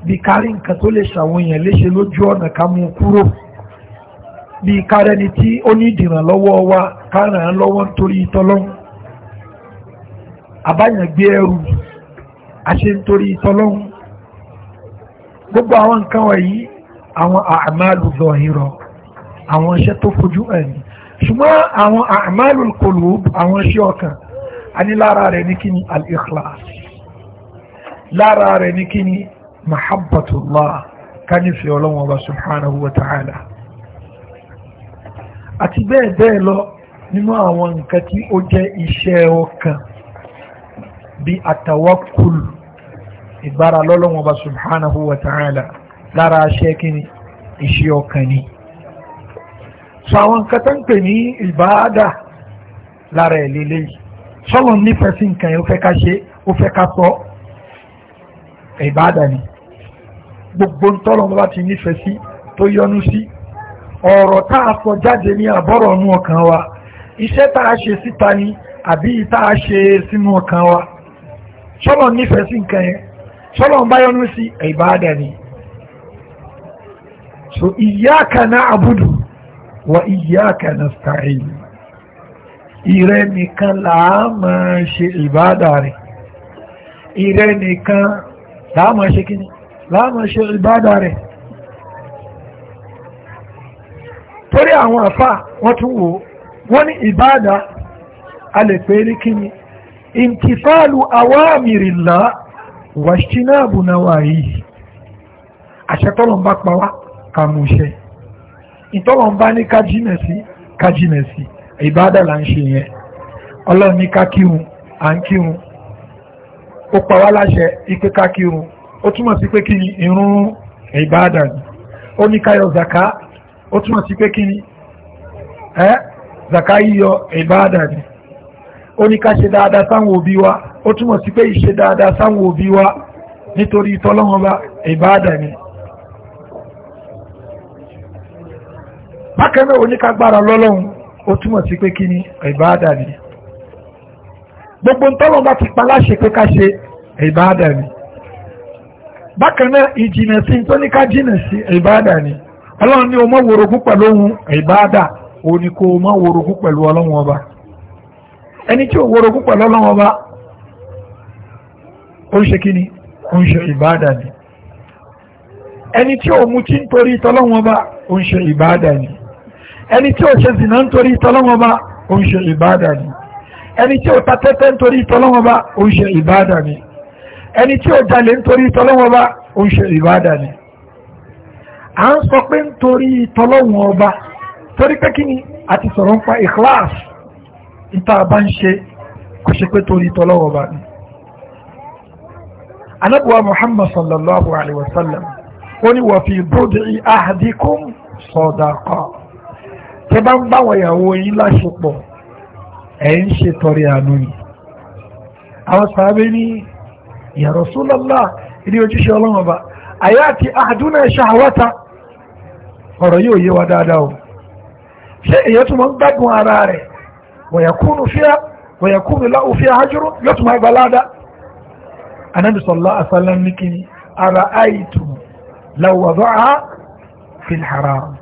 bí kárí nǹkan tó lè ṣàwọn èèyàn léṣe lójú ọ̀nà ká mú kúrò bí kárẹni tí ó ní ìdìrànlọ́wọ́ wa káràn lọ́wọ́ nítorí ìtọ́lọ́hún àbáyàn gbé ẹrù àṣẹ nítorí ìtọ́lọ́hún gbogbo àwọn nǹkan wọ̀nyí àwọn àmàlù zọ̀hìrọ̀ àwọn iṣẹ́ tó fojú ẹ̀ ni ṣùgbọ́n àwọn a'malul qulub àwọn iṣẹ́ ọkàn a ní lára rẹ̀ ní kíni al-ikhlas lára rẹ̀ ní kíni mahabbatullah kánífẹ́ ọlọ́wọ́n ọba subhanahu wa ta'ala àti bẹ́ẹ̀ bẹ́ẹ̀ lọ nínú àwọn nǹkan tí ó jẹ́ iṣẹ́ ọkàn bí àtàwákùl ìgbára lọ́lọ́wọ́n ọba subhanahu wa ta'ala lára aṣẹ́ iṣẹ́ ọkàn ni so àwọn nǹkan tó ń pè ní ìbáadà lára ẹ̀ lélẹ̀ yìí sọ́lọ̀ nífẹ̀ẹ́ sí nǹkan yẹn ó fẹ́ ká ṣe ó fẹ́ ká sọ ìbáadà ni gbogbo ń tọ́lọ̀ wọn bá ti nífẹ̀ẹ́ sí tó yọnu sí ọ̀rọ̀ tá a sọ jáde ní àbọ̀rọ̀ ọ̀nù ọkàn wa iṣẹ́ tá a ṣe síta ni àbí tá a ṣe sínú ọkàn wa sọ́lọ̀ nífẹ̀ẹ́ sí nǹkan yẹn sọ́lọ̀ ń bá yọnu sí ìbáadà ni so iyyaka na'budu wa iyyaka nasta'in ìrẹ́ nìkan làá máa ṣe ìbádà rẹ̀ ìrẹ́ nìkan làá máa ṣe kíni làá máa ṣe ìbádà rẹ̀ torí àwọn àfà wọ́n tún wò wọ́n ní ìbádà a lè pè ní kíni imtifalu awamirillah wàṣínáàbù náwà yìí àṣẹ tọ́lọ̀ bá pa kàmúṣẹ́ ìtọ́lọ̀ ń bá ní kájínà sí kájínà sí ìbádà là ń ṣe yẹn ọlọ́run ní kákírun à ń kírun ó pa wá láṣẹ ipe kákírun ó túmọ̀ sí pé kí ni irun ìbádà ni ó ní káyọ̀ zaka ó túmọ̀ sí pé kí ni ẹ́ zaka yíyọ ìbádà ni ó ní ká ṣe dáadáa sáwọn òbí wa ó túmọ̀ sí pé ìṣe dáadáa sáwọn òbí wa nítorí ìtọ́lọ́wọ́n bá ìbádà ni. bákan náà oníkagbára lọ́lọ́run ó túmọ̀ sí pé kí ni ìbáàdà ni gbogbo ntọ́lọ́ bá ti pa láṣẹ pé ká ṣe ìbáàdà ni bákan náà ìjìnà sí tó ní ká jìnà sí ìbáàdà ni ọlọ́run ní o mọ́ worogún pẹ̀lú ohun ìbáàdà òun ni kò mọ́ worogún pẹ̀lú ọlọ́run ọba ẹni tí ò worogún pẹ̀lú ọlọ́run ọba ó ń ṣe kí ni ó ń ṣe ìbáàdà ni ẹni tí ò mutí nítorí tọ́lọ́run ọba ó ń ṣe ìbáàdà ni ẹni tí ó ṣe zìnà nítorí ìtọ́lọ́mọba ó ń ṣe ìbáadà ni ẹni tí ó ta tẹ́tẹ́ nítorí ìtọ́lọ́mọba ó ń ṣe ìbáadà ni ẹni tí ó jalè nítorí ìtọ́lọ́mọba ó ń ṣe ìbáadà ni à ń sọ pé nítorí ìtọ́lọ́mọba torí pé kí ni àti sọ̀rọ̀ ń pa ìkíláàsì ìta bá ń ṣe kò ṣe pé torí ìtọ́lọ́mọba ni anabuwa muhammad sallallahu alaihi wasallam ó ní wà fi bóde ahadikum sadaqa tẹ́ bá ń báwọn ìyàwó yín láṣepọ̀ ẹ̀ ń ṣe tọrẹ àánú ni àwọn sàábé ní ya Rasulullah ilé ojúṣe ọlọ́run ọba àyà àti àdúnà ṣàwọ́ta ọ̀rọ̀ yóò yé wa dáadáa o ṣé èyàn tó máa ń gbádùn ara rẹ̀ wọ̀yàkúnù fíà wọ̀yàkúnù láwù fíà yóò tó máa gbà láàdá anábì sallallahu alaihi ní kí ara àìtù láwù wàdọ́ fi al-haram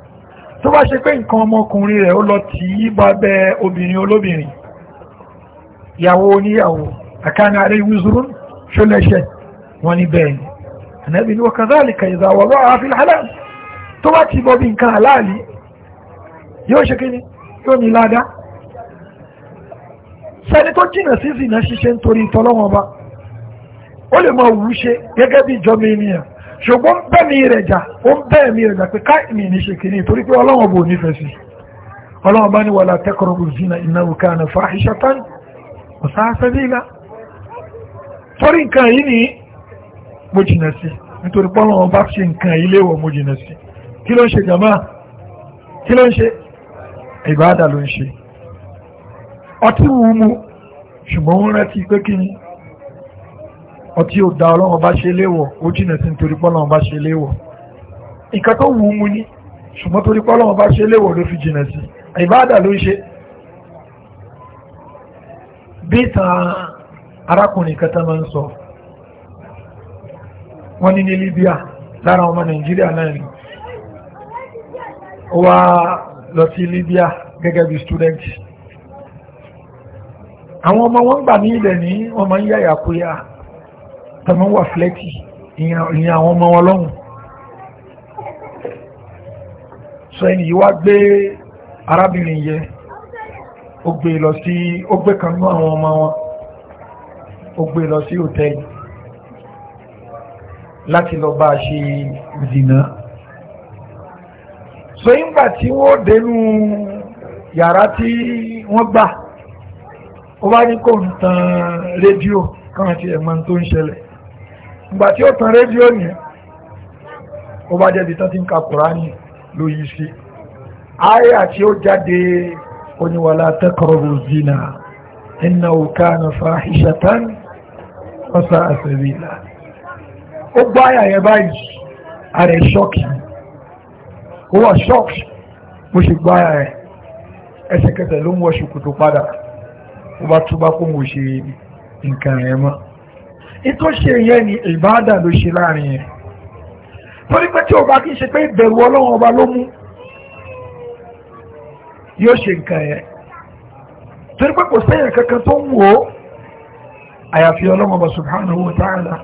tó bá ṣe pé nǹkan ọmọkùnrin rẹ̀ ó lọ tì í bábẹ́ obìnrin olóbìnrin ìyàwó oníyàwó àkáni àrẹ ìwúzúrú ṣọlẹ́ṣẹ̀ wọn ni bẹ́ẹ̀ ni ànábì ní wọ́n kadhalika idha wada'a fil halal tó bá ti bọ́ bí nǹkan àláàlì yóò ṣe kí ni yóò ní ládá sẹ́ni tó jìnà sí ìsìnà ṣiṣẹ́ nítorí ìtọ́lọ́wọ́n ọba ó lè máa wù ṣe gẹ́gẹ́ bí ìjọba ènìyàn ṣùgbọ́n bẹ́ẹ̀mí rẹ̀ jà ó ń bẹ́ẹ̀mí rẹ̀ jà pé ká ìmì ní ṣe kìíní torí pé ọlọ́wọ́n bò nífẹ̀ẹ́ sí ọlọ́wọ́n bá ní wala taqrabu zina innahu kana fahishatan wa sa'a sabila torí nǹkan yìí ni mo jìnà sí nítorí pé ọlọ́wọ́n bá ṣe nǹkan yìí léwọ̀ mo jìnà sí kí ló ń ṣe jàmá kí ló ń ṣe ìbáàdà ló ń ṣe ọtí wù ú mu ṣùgbọ́n ó rántí pé kí ni ọtí ò da ọlọ́wọ́ bá ṣe léwọ̀ ó jìnà sí nítorí pọ́lọ́wọ́ bá ṣe léwọ̀ nǹkan tó wù ú mu ní ṣùgbọ́n torí pọ́lọ́wọ́ bá ṣe léwọ̀ ló fi jìnà sí ìbáàdà ló ń ṣe bí ìtàn arákùnrin kan máa ń sọ wọ́n ní ní Libya lára ọmọ Nàìjíríà náà ni ó wá lọ sí Libya gẹ́gẹ́ bí student àwọn ọmọ wọn gbà ní ilẹ̀ ní wọ́n máa ń yàyà kúyà tọmọ wà flẹ́tì ìyẹn àwọn ọmọ ọlọ́run so ẹni yìí wá gbé arábìnrin yẹ ó gbé lọ sí ó gbé kan nú àwọn ọmọ wọn ó gbé lọ sí hòtẹ́ẹ̀lì láti lọ bá ṣe zìnà so ìgbà tí wọ́n dénú yàrá tí wọ́n gbà ó bá ní kò ń tan rédíò kan àti ẹ̀mọ́ tó ń ṣẹlẹ̀ ìgbà tí ó tan rédíò ní ó bá jẹ́ bí tán ti ń ka kùránì ló yí sí àyà tí ó jáde oníwàlá taqrabu zina innahu kana fahishatan wa sa'a sabila ó gbọ́ àyà báyìí ààrẹ ṣọ́ọ̀kì ó wà ṣọ́ọ̀kì bó ṣe gbọ́ àyà ẹsẹ̀kẹsẹ̀ ló ń wọ ṣòkòtò padà ó bá túbá kó ń nǹkan rẹ̀ mọ́ ètò ṣe yẹn ni ìbáàdà ló ṣe láàrin yẹn torí pé tí o bá kí n ṣe pé ìbẹ̀rù ọlọ́run ọba ló mú yóò ṣe nǹkan yẹn torí pé kò sẹ́yìn kankan tó ń wò ó àyàfi ọlọ́run ọba subhanahu wa ta'ala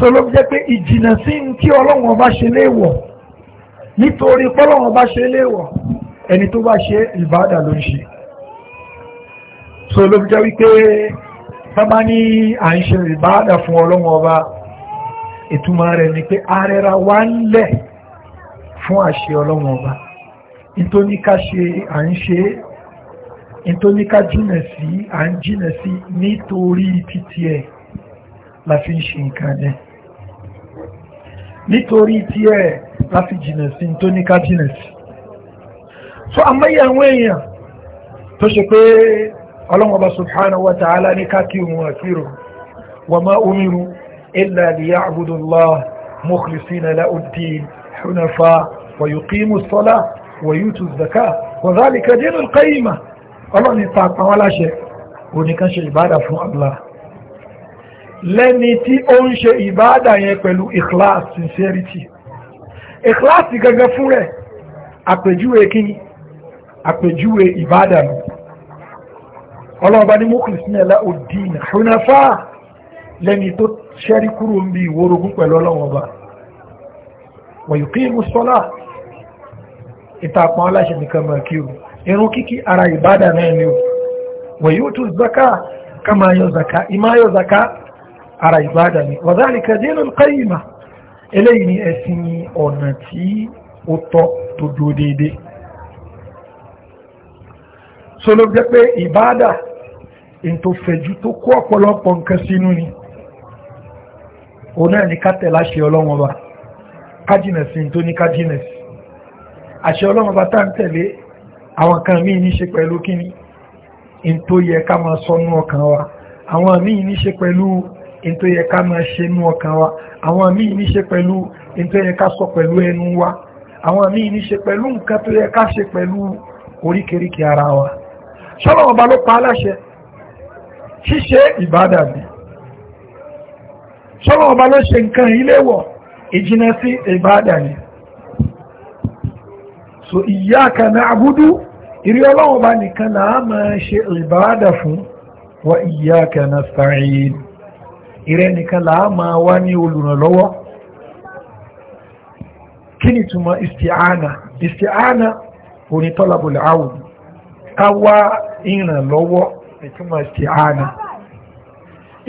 so ló jẹ́ pé ìjìnà sí ní tí ọlọ́run ọba ṣe léèwọ̀ nítorí pọ́lọ́run ọba ṣe léèwọ̀ ẹni tó bá ṣe ìbáàdà ló ń ṣe so ló jẹ́ wípé bábá ní à ń ṣe ìbáàdà fún ọlọ́wọ́ ọba ìtumọ̀ rẹ̀ ni pé arẹra wá ń lẹ̀ fún àṣẹ ọlọ́wọ́ ọba ìtóníká ṣe à ń ṣe ìtóníká jìnà sí à ń jìnà sí nítorí títí ẹ̀ la fi ń ṣe nǹkan ẹ̀ nítorí tí ẹ̀ la fi jìnà sí ìtóníká jìnà sí so àmọ́yé àwọn èèyàn tó ṣe pé ọlọ́wọ́ba subhanahu wa ta'ala ní káàkiri wọn àkírò wa ma umiru illa liya'budu Allah mukhlisina la'uddin hunafa wa yuqimu as-salah wa yutu az-zakah wa dhalika dinu al-qayyimah ọlọ́ni ta àpá wọn láṣẹ oníkan ṣe ìbádà fún Allah àpèjúwe kíni ọlọ́ọ̀bá ní mukhlisina lahu ddin hunafa lẹ́ni tó ṣẹ́rí kúrò ń bí ìwórogún pẹ̀lú ọlọ́wọ́ba wa yuqimu ssalah ìtàpọ̀ aláṣẹ nìkan máa kí o irun kíkí ara ìbádà náà ni o wa yutu zaka kama yọ zaka ìmá yọ zaka ara ìbádà ni wa dhalika dinul qayyimah eléyìí ni ẹ̀sìn ọ̀nà tí ó tọ́ tó dúró déédéé so ló jẹ́ pé ìbáàdà in tó fẹ̀jú tó kó ọ̀pọ̀lọpọ̀ nǹkan sínú ni òun náà ní kátẹ̀ láṣẹ ọlọ́wọ́n bá kájínẹ̀sì tó ní kájínẹ̀sì àṣẹ ọlọ́wọ́n bá tá ń tẹ̀lé àwọn kan míì ní ṣe pẹ̀lú kíní in tó yẹ ká máa sọnú ọkàn wa àwọn míì ní ṣe pẹ̀lú in tó yẹ ká máa ṣe nú ọkàn wa àwọn míì ní ṣe pẹ̀lú in tó yẹ ká sọ pẹ̀lú ẹnu wa àwọn míì ní ṣe pẹ̀lú nǹkan tó yẹ ká ṣe pẹ̀lú oríkèríkè ara wa ṣọ́lọ́wọ́ bá ló pa aláṣẹ ṣíṣe ìbádà ni ṣọ́lọ́wọ́ bá ló ṣe nǹkan iléwọ̀ ìjìnà sí ìbádà ni so iyyaka na'budu ìrí ọlọ́wọ́ bá nìkan náà máa ṣe ìbádà fún wa iyyaka nasta'in ìrẹ́ nìkan náà máa wá ní olùrànlọ́wọ́ kí ni túmọ̀ isti'ana isti'ana onítọ́labùlẹ̀ àwùjọ ká wá ìrànlọ́wọ́ ìtumọ̀ ìtìhánà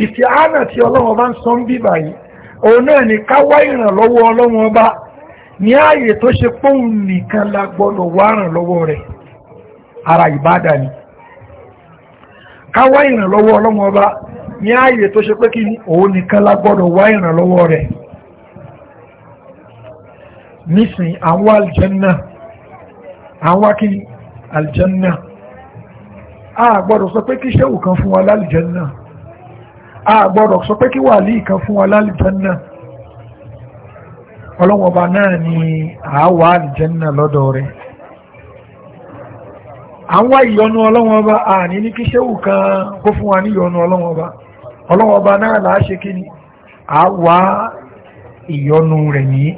ìtìhánà tí ọlọ́run ọba ń sọ ń bí báyìí òun náà ni ká wá ìrànlọ́wọ́ ọlọ́run ọba ní ààyè tó ṣe póun nìkan la wá ìrànlọ́wọ́ rẹ̀ ara ìbádà ni ká wá ìrànlọ́wọ́ ọlọ́run ọba ní ààyè tó ṣe pé kí òun nìkan la wá ìrànlọ́wọ́ rẹ̀ nísìn àwọn àwọn a gbọ́dọ̀ sọ pé kí ṣéwù kan fún wa lálìjẹ́nà a gbọ́dọ̀ sọ pé kí wàlí kan fún wa lálìjẹ́nà ọlọ́wọ́n ọba náà ni àáwá àlìjẹ́nà lọ́dọ̀ rẹ̀ àwọn ìyọnu ọlọ́wọ́n ọba àní ní kí ṣéwù kan kó fún wa ní ìyọnu ọlọ́wọ́n ọba ọlọ́wọ́n ọba náà là á ṣe kí ni àáwá ìyọnu rẹ̀ yìí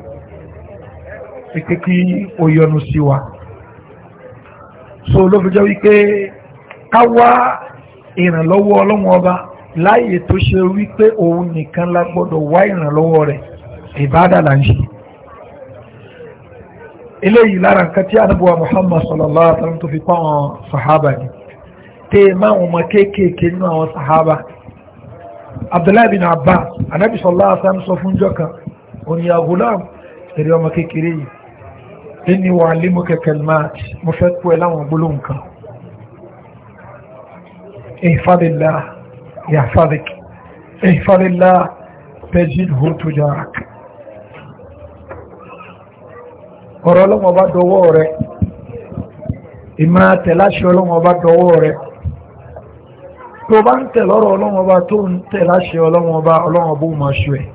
pé kí ó yọnu sí wa so ló fi jẹ́ wípé ká wá ìrànlọ́wọ́ ọlọ́wọ́ ọba láyè tó ṣe wípé òun nìkan la gbọ́dọ̀ wá ìrànlọ́wọ́ rẹ̀ ìbádà là ń ṣe eléyìí lára nǹkan tí ànábùwà Muhammad sallallahu alaihi wasallam tó fi kọ́ àwọn sàhábà ni tẹ́ ẹ máa wọn mọ kéékèèké nínú àwọn sàhábà Abdullahi bin Abbas anábì sallallahu alaihi wasallam sọ fún jọkan òní agulam èrè ọmọ kékeré yìí ẹni wà límọ̀ kẹkẹlmáàtì mo fẹ́ kú ẹ láwọn gbólóhùn kan احفظ الله يحفظك احفظ الله تجده تجارك ọ̀rọ̀ ọlọ́mọ bá dọwọ́ rẹ̀ ìmá tẹ̀láṣẹ ọlọ́mọ bá dọwọ́ rẹ̀ tó bá ń tẹ̀ lọ́rọ̀ ọlọ́mọ bá tó ń tẹ̀láṣẹ ọlọ́mọ bá ọlọ́mọ bó máa ṣe ẹ̀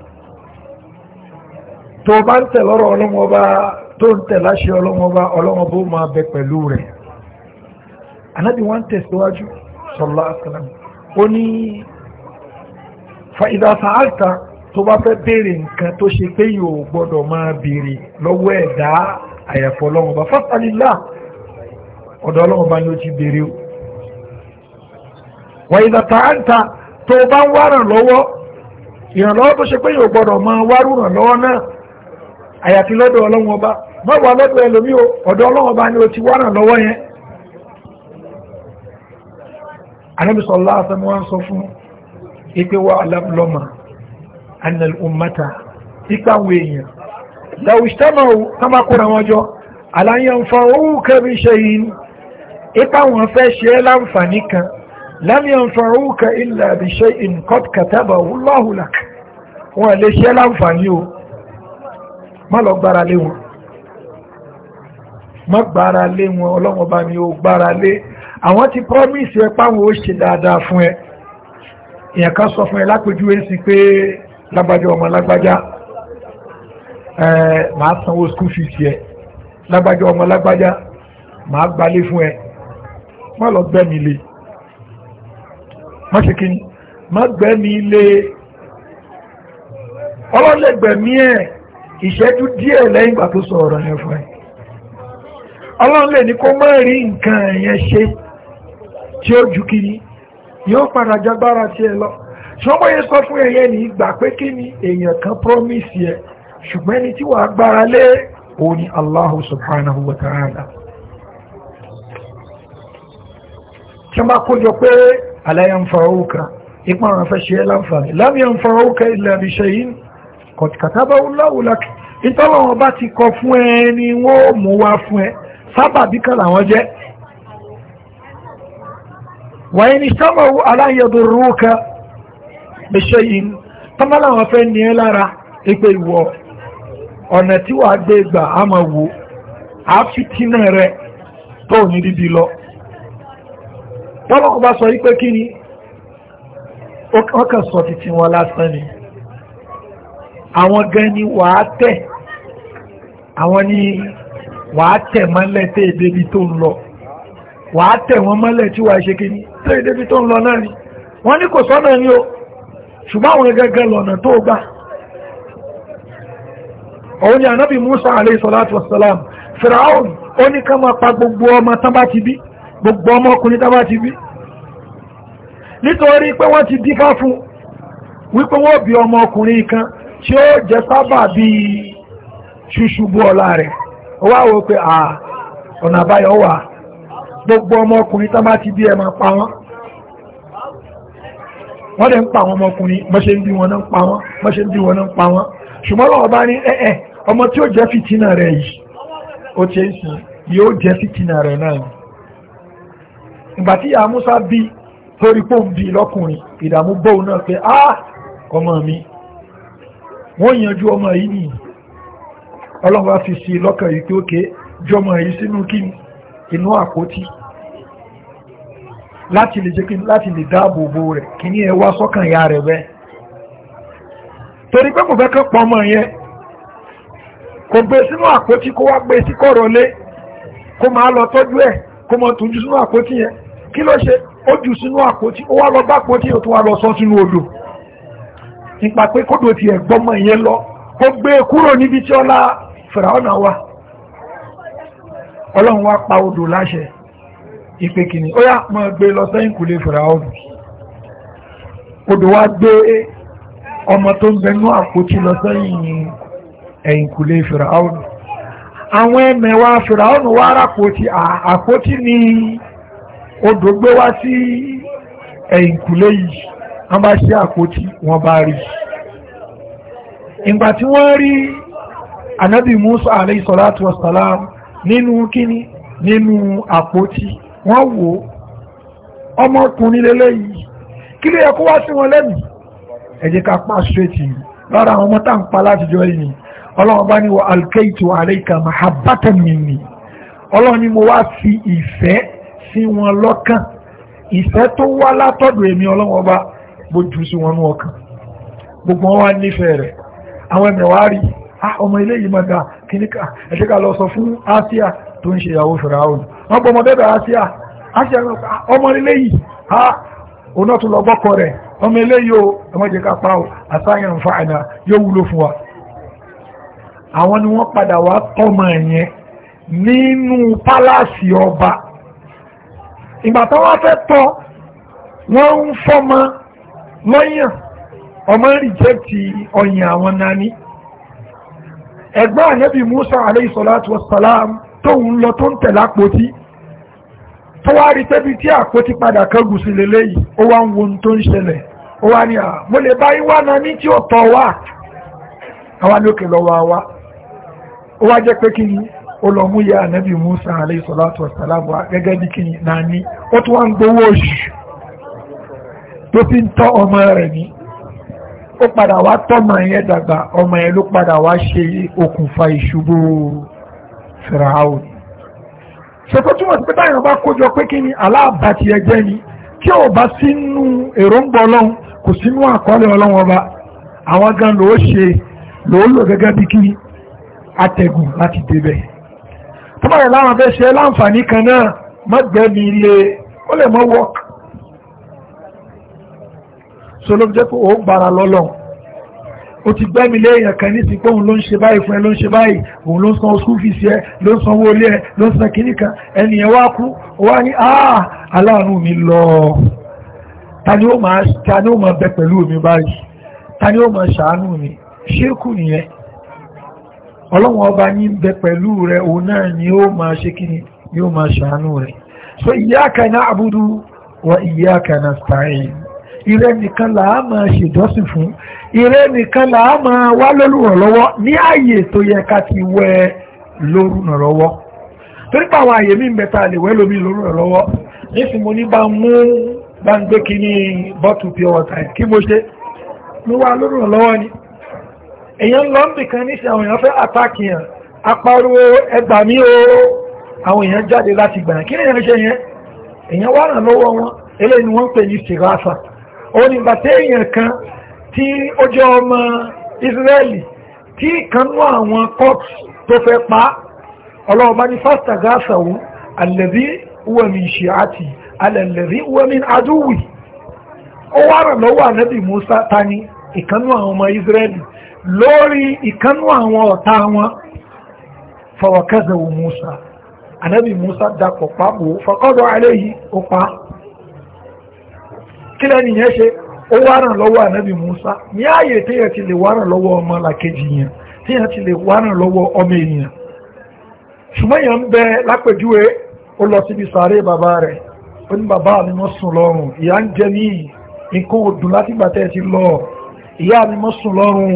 tó bá ń tẹ̀ lọ́rọ̀ ọlọ́mọ bá tó ń tẹ̀láṣẹ ọlọ́mọ bá ọlọ́mọ bó máa bẹ pẹ̀lú rẹ̀ anábì wọ́n tẹ̀síwájú sallallahu alaihi wasallam ó ní fàìdà sàáltà tó bá fẹ́ béèrè nǹkan tó ṣe pé yóò gbọ́dọ̀ máa lọ́wọ́ ẹ̀dá lọ́wọ́ bá ọ̀dọ̀ ti o tó bá ń lọ́wọ́ ìrànlọ́wọ́ tó ṣe pé yóò gbọ́dọ̀ máa ràn lọ́wọ́ náà anábìsọ̀lá àtàmì wọ́n sọ fún ipé wà aláàmùlọ́mà annal ummata ikáwò èèyàn láwùsítàmàwò kama kúra wọn jọ aláyànfà owó kẹbí ṣe yìí ikáwò fẹ́ ṣe é láǹfààní kan láyànfà owó kẹ ilẹ̀ àbí ṣe in kọ́t kàtàbà wọn lè ṣe láǹfààní o má lọ gbára lé wọn má gbára lé wọn ọlọ́wọ́n bá mi ò gbára lé àwọn ti promise ẹ páwọn ó ṣe dáadáa fún ẹ èèyàn kan sọ fún ẹ lápèjúwe sí pé lágbájá ọmọ lágbájá ẹ máa sanwó school fees yẹ lágbájá ọmọ lágbájá máa gbalé fún ẹ má lọ gbẹ́mi lé má ṣe kí ni má gbẹ́mi lé ọlọ́lẹ́gbẹ̀mí ẹ̀ ìṣẹ́jú díẹ̀ lẹ́yìn ìgbà tó sọ ọ̀rọ̀ yẹn fún ẹ ọlọ́lẹ́ ni kó má rí nǹkan yẹn ṣe tí ó jù kiri yóò padà jágbára tí ẹ lọ ṣọ́gbọ́n yẹn sọ fún ẹ̀yẹ ní ìgbà pé kí ni èèyàn kan promise yẹ ṣùgbọ́n ẹni tí wàá gbára lé òun ni Allahu subhanahu wa ta'ala tí wọ́n bá kójọ pé aláyà ń fara òkà ipa àwọn afẹ́ ṣe láǹfààní láàmì ń fara òkà illa bi shay'in qad katabahu Allahu lak ìtọ́lọ́wọ́n bá ti kọ fún ẹ ni wọ́n mú wá wọ́n ni sọ́mọ̀wó aláyẹ̀dùrúkà bẹ̀ṣẹ́ yìí tọ́mọ́lá wọn fẹ́ ní ẹ lára ipé ìwọ̀ ọ̀nà tí wà gbé gbà á ma wò á fi tínà rẹ tó ní dídí lọ tọ́lọ́kọ́ bá sọ wípé kí ni ọkàn sọ títí wọn lásán ni àwọn gan ni wà á tẹ̀ àwọn ni wà á tẹ̀ mọ́lẹ̀ tẹ́ ìdébi tó ń lọ wàá tẹ̀ wọ́n mọ́lẹ̀ tí wàá ṣe kíní tó ìdébi tó ń lọ náà ni wọ́n ní kò sọ́nà ni o ṣùgbọ́n àwọn gẹ́gẹ́ lọ́nà salatu wassalam Firaun ó ní ká máa pa gbogbo ọmọ tán bá ti bí gbogbo ọmọkùnrin tán bá ti bí nítorí pé wọ́n ti dífá fún wípé wọ́n bí ọmọkùnrin kan tí ó jẹ sábà bí ṣùṣùbú ọlá rẹ̀ ó wá wò ọ̀nà àbáyọ wà gbogbo ọmọkùnrin tó bá ti bí ẹ máa pa wọ́n wọ́n dẹ̀ ń pa àwọn ọmọkùnrin mọ́ ṣe ń bí wọn náà ń pa wọ́n mọ́ ṣe ń bí wọn náà ń pa wọ́n ṣùgbọ́n lọ́wọ́ bá ní ẹ̀ẹ́ ọmọ tí ó jẹ́ fìtínà rẹ̀ yìí ó ti ń sìn yóò jẹ́ fìtínà rẹ̀ náà ni ìgbà tí ìyá Musa bí torí pò ń bí lọ́kùnrin ìdààmú bóun náà pé á ọmọ mi wọ́n yanjú ọmọ yìí nìyí ọlọ́run fi sí lọ́kàn yìí pé ókè jọmọ yìí sínú kíni inú àpótí láti lè jẹ́ kí láti lè dáàbò bò rẹ̀ kí ní ẹ wá sọ́kàn ya rẹ̀ bẹ́ẹ̀ torí pé kò fẹ́ kán pọ̀ ọmọ yẹn kò gbé sínú àpótí kó wá gbé sí kọ̀rọ̀ lé kó máa lọ tọ́jú ẹ̀ kó máa tún jù sínú àpótí yẹn kí ló ṣe ó jù sínú àpótí ó wá lọ bá àpótí yẹn tó wá lọ sọ sínú odò nípa pé kódò tiẹ̀ gbọ́mọ yẹn lọ kó gbé e kúrò níbi tí ọlá fìràwọ́nà wà ọlọ́run wá pa odò láṣẹ ìpè kìíní ó yá mọ́ gbé lọ sẹ́yìn kùlé fìràọ́nù odò wá gbé ọmọ tó ń bẹnú àpótí lọ sẹ́yìn ẹ̀yìn kùlé fìràọ́nù àwọn ẹmẹ̀wà fìràọ́nù wá rápótí àpótí ni odò gbé wá sí ẹ̀yìn kùlé yìí wọ́n bá ṣe àpótí wọ́n bá rí ìgbà tí wọ́n rí anábì Musa alayhi salatu wassalam nínú kíní nínú àpótí wọ́n wò ọmọkùnrin lélẹ́yìí kí ló yẹ kó wá sí wọn lẹ́mìí ẹ jẹ́ ká pa ṣètì lára àwọn ọmọ tá ń pa láti jọ ẹni ọlọ́run bá ní wọ alkeitu aleika mahabbatan ọlọ́run ni mo wá fi ìfẹ́ sí wọn lọ́kàn ìfẹ́ tó wá látọ̀dọ̀ èmi ọlọ́run ọba bójú sí wọn nú ọkàn gbogbo wọn wá nífẹ̀ẹ́ rẹ̀ àwọn ẹ̀mẹ̀ wá rí i Ah, ọmọ ilé yìí mọ̀ká kìníkà ẹ̀ṣẹ́ká lọ sọ fún Asia tó ń ṣe ìyàwó Fìràún wọ́n pọ̀ ọmọdébẹ̀ Asia Asia ah, ọmọ ilé yìí ha ah, òun náà tún lọ gbọ́kọ rẹ̀ ọmọ ilé yìí o ọmọ jẹ́ ká pa o àsáyàn fa àná yóò wúlò fún wa àwọn ni wọ́n padà wá tọ́mọ ẹ̀yẹn nínú pálásì ọba ìgbà táwọn fẹ́ tọ́ wọ́n ń fọ́mọ lọ́yàn ọmọ rìjẹ́tì ọyàn àwọn nání ẹ̀gbọ́n anebimusa Musa alayhi salatu wassalam tóun lọ tó ń tẹ̀lé àpótí tó wá rí tẹ́bi tí àpótí padà lelee sí wa ó wá ń wo tó ń ṣẹlẹ̀ ó wá ní à mo lè bá yín náà ní tí ó tọ̀ wá àwa ní òkè lọ́wọ́ ya anebimusa Musa alayhi salatu wassalam gẹ́gẹ́ bí kí ni náà ní ó tún wá ń gbowó ó padà wá tọ́mọ yẹn dàgbà ọmọ yẹn ló padà wá ṣe okùnfà ìṣubú fìràhùn ṣètò túmọ̀ sí pé táyà bá kójọ pé kí ni aláàbàtì ẹgbẹ́ ni tí ò bá sínú èròǹgbà ọlọ́run kò sínú àkọọ́lẹ̀ ọlọ́run ọba àwọn gan ló ṣe ló lò gẹ́gẹ́ bí kí atẹ̀gùn láti débẹ̀ tó bá láwọn fẹ́ ṣe láǹfààní kan náà mọ́gbẹ́ni ilé ó lè mọ́ wọ́ọ̀kì so ló jẹ́ pé ó gbára lọ́lọ́ o ti gbẹ́mi léèyàn kan nísìn pé òun ló ń ṣe báyìí fún ẹ ló ń ṣe báyìí òun ló ń san school fees ẹ ló ń san owó ilé ẹ ló ń san kínní kan ẹnìyẹn wá kú wá ní áà ah, aláàánú mi lọ ta ni ó máa bẹ pẹ̀lú mi báyìí ta ni ó máa ṣàánú mi ṣírkù nìyẹn ọlọ́wọ́n ọba yín bẹ pẹ̀lú rẹ̀ òun náà ni ó máa ṣe kí ni ó máa ṣàánú rẹ̀ so iyyaka na'budu wa iyyaka nasta'in ìrẹ́ nìkan làá máa ṣèjọ́sìn fún ìrẹ́ nìkan làá máa wá lórúnrànlọ́wọ́ ní ààyè tó yẹ ká ti wẹ lórúnrànlọ́wọ́ torí pa àwọn àyè mí ń bẹ̀ta lè wẹ́ lómi lórúnrànlọ́wọ́ nísìn mo ní bá mú bá ń gbé kí ní bọ́tù pure water kí mo ṣe mo wá lórúnrànlọ́wọ́ ni èèyàn lọ ń bìkan níṣẹ́ àwọn èèyàn fẹ́ àtàkì yàn apariwo ẹgbà mí o àwọn èèyàn jáde láti gbà kí ni èèyàn ṣe yẹn èèyàn wá ràn lọ́wọ́ wọn eléyìí ni wọ́n ń pè ní sìgáàsà òun ni bàtẹ́ èèyàn kan tí ó jẹ́ ọmọ Israeli tí kanú àwọn court tó fẹ́ pa ọlọ́ọ̀bá ní fásità gáàsà òun alladhi huwa min shi'ati alladhi huwa min adúwì ó wá ràn lọ́wọ́ ànábì Musa tani ìkanú àwọn ọmọ Israeli lórí ìkanú àwọn ọ̀tá wọn fọwọ́kẹ́zẹ̀wò Musa ànábì Musa dapọ̀ pàbò fọkọ́dọ̀ aléyìí ó pa kí lẹ́ni yẹn ṣe ó wárán lọ́wọ́ ànábì Musa ní ààyè tí yẹn ti lè wárán lọ́wọ́ ọmọ làkejì yẹn tí yẹn ti lè wárán lọ́wọ́ ọmọ ènìyàn ṣùgbọ́n yẹn ń bẹ lápèjúwe ó lọ síbi sàárè bàbá rẹ̀ ó ní bàbá mi mọ́ sùn lọ́rùn ìyá ń jẹ ní nǹkan òdùn látìgbà tẹ́ ti lọ ìyá mi mọ́ sùn lọ́rùn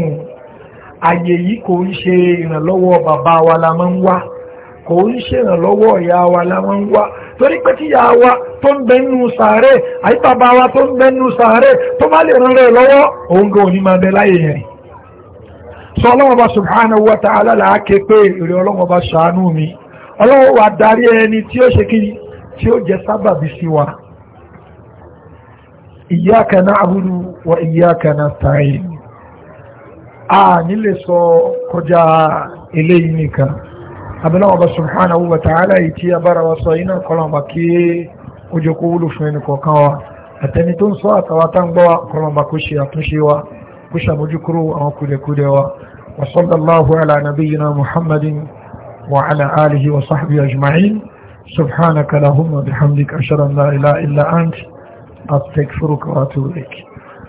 àyè yìí kò ń ṣe ìrànlọ́wọ́ bàbá wa la máa ń wá kò ń ṣèrànlọ́wọ́ ìyá wa láwọn ń wá torí pé tí ìyá wa tó ń bẹnu sàárẹ̀ àyíbàbá wa tó ń bẹnu sàárẹ̀ tó má lè ràn rẹ̀ lọ́wọ́ òun òní máa bẹ láyé yẹn sọ ọlọ́wọ́ bá subhanahu wa ta'ala làáké pé èrè ọlọ́wọ́ bá ṣàánú mi ọlọ́wọ́ wa darí ẹni tí ó ṣe kí tí wa iyyaka na'budu wa iyyaka nasta'in a nílé sọ eléyìí nìkan abẹ́lẹ́wọ̀n bá subhanahu wa ta'ala yìí tí a bára wa sọ iná kọlọ̀mbà kí ojú kó wúlò fún ẹnì kọ̀ọ̀kan wa àtẹni tó ń sọ àtàwà tá ń gbọ́ wa kọlọ̀mbà kó ṣe àtúnṣe wa kó ṣàbójú kúrò àwọn kúdẹ̀kúdẹ̀ wa wa sallallahu ala nabiyyina muhammadin wa ala alihi wa sahbihi ajma'in subhanaka lahumma bihamdika ashhadu an la ilaha illa ant astaghfiruka wa atubu ilayk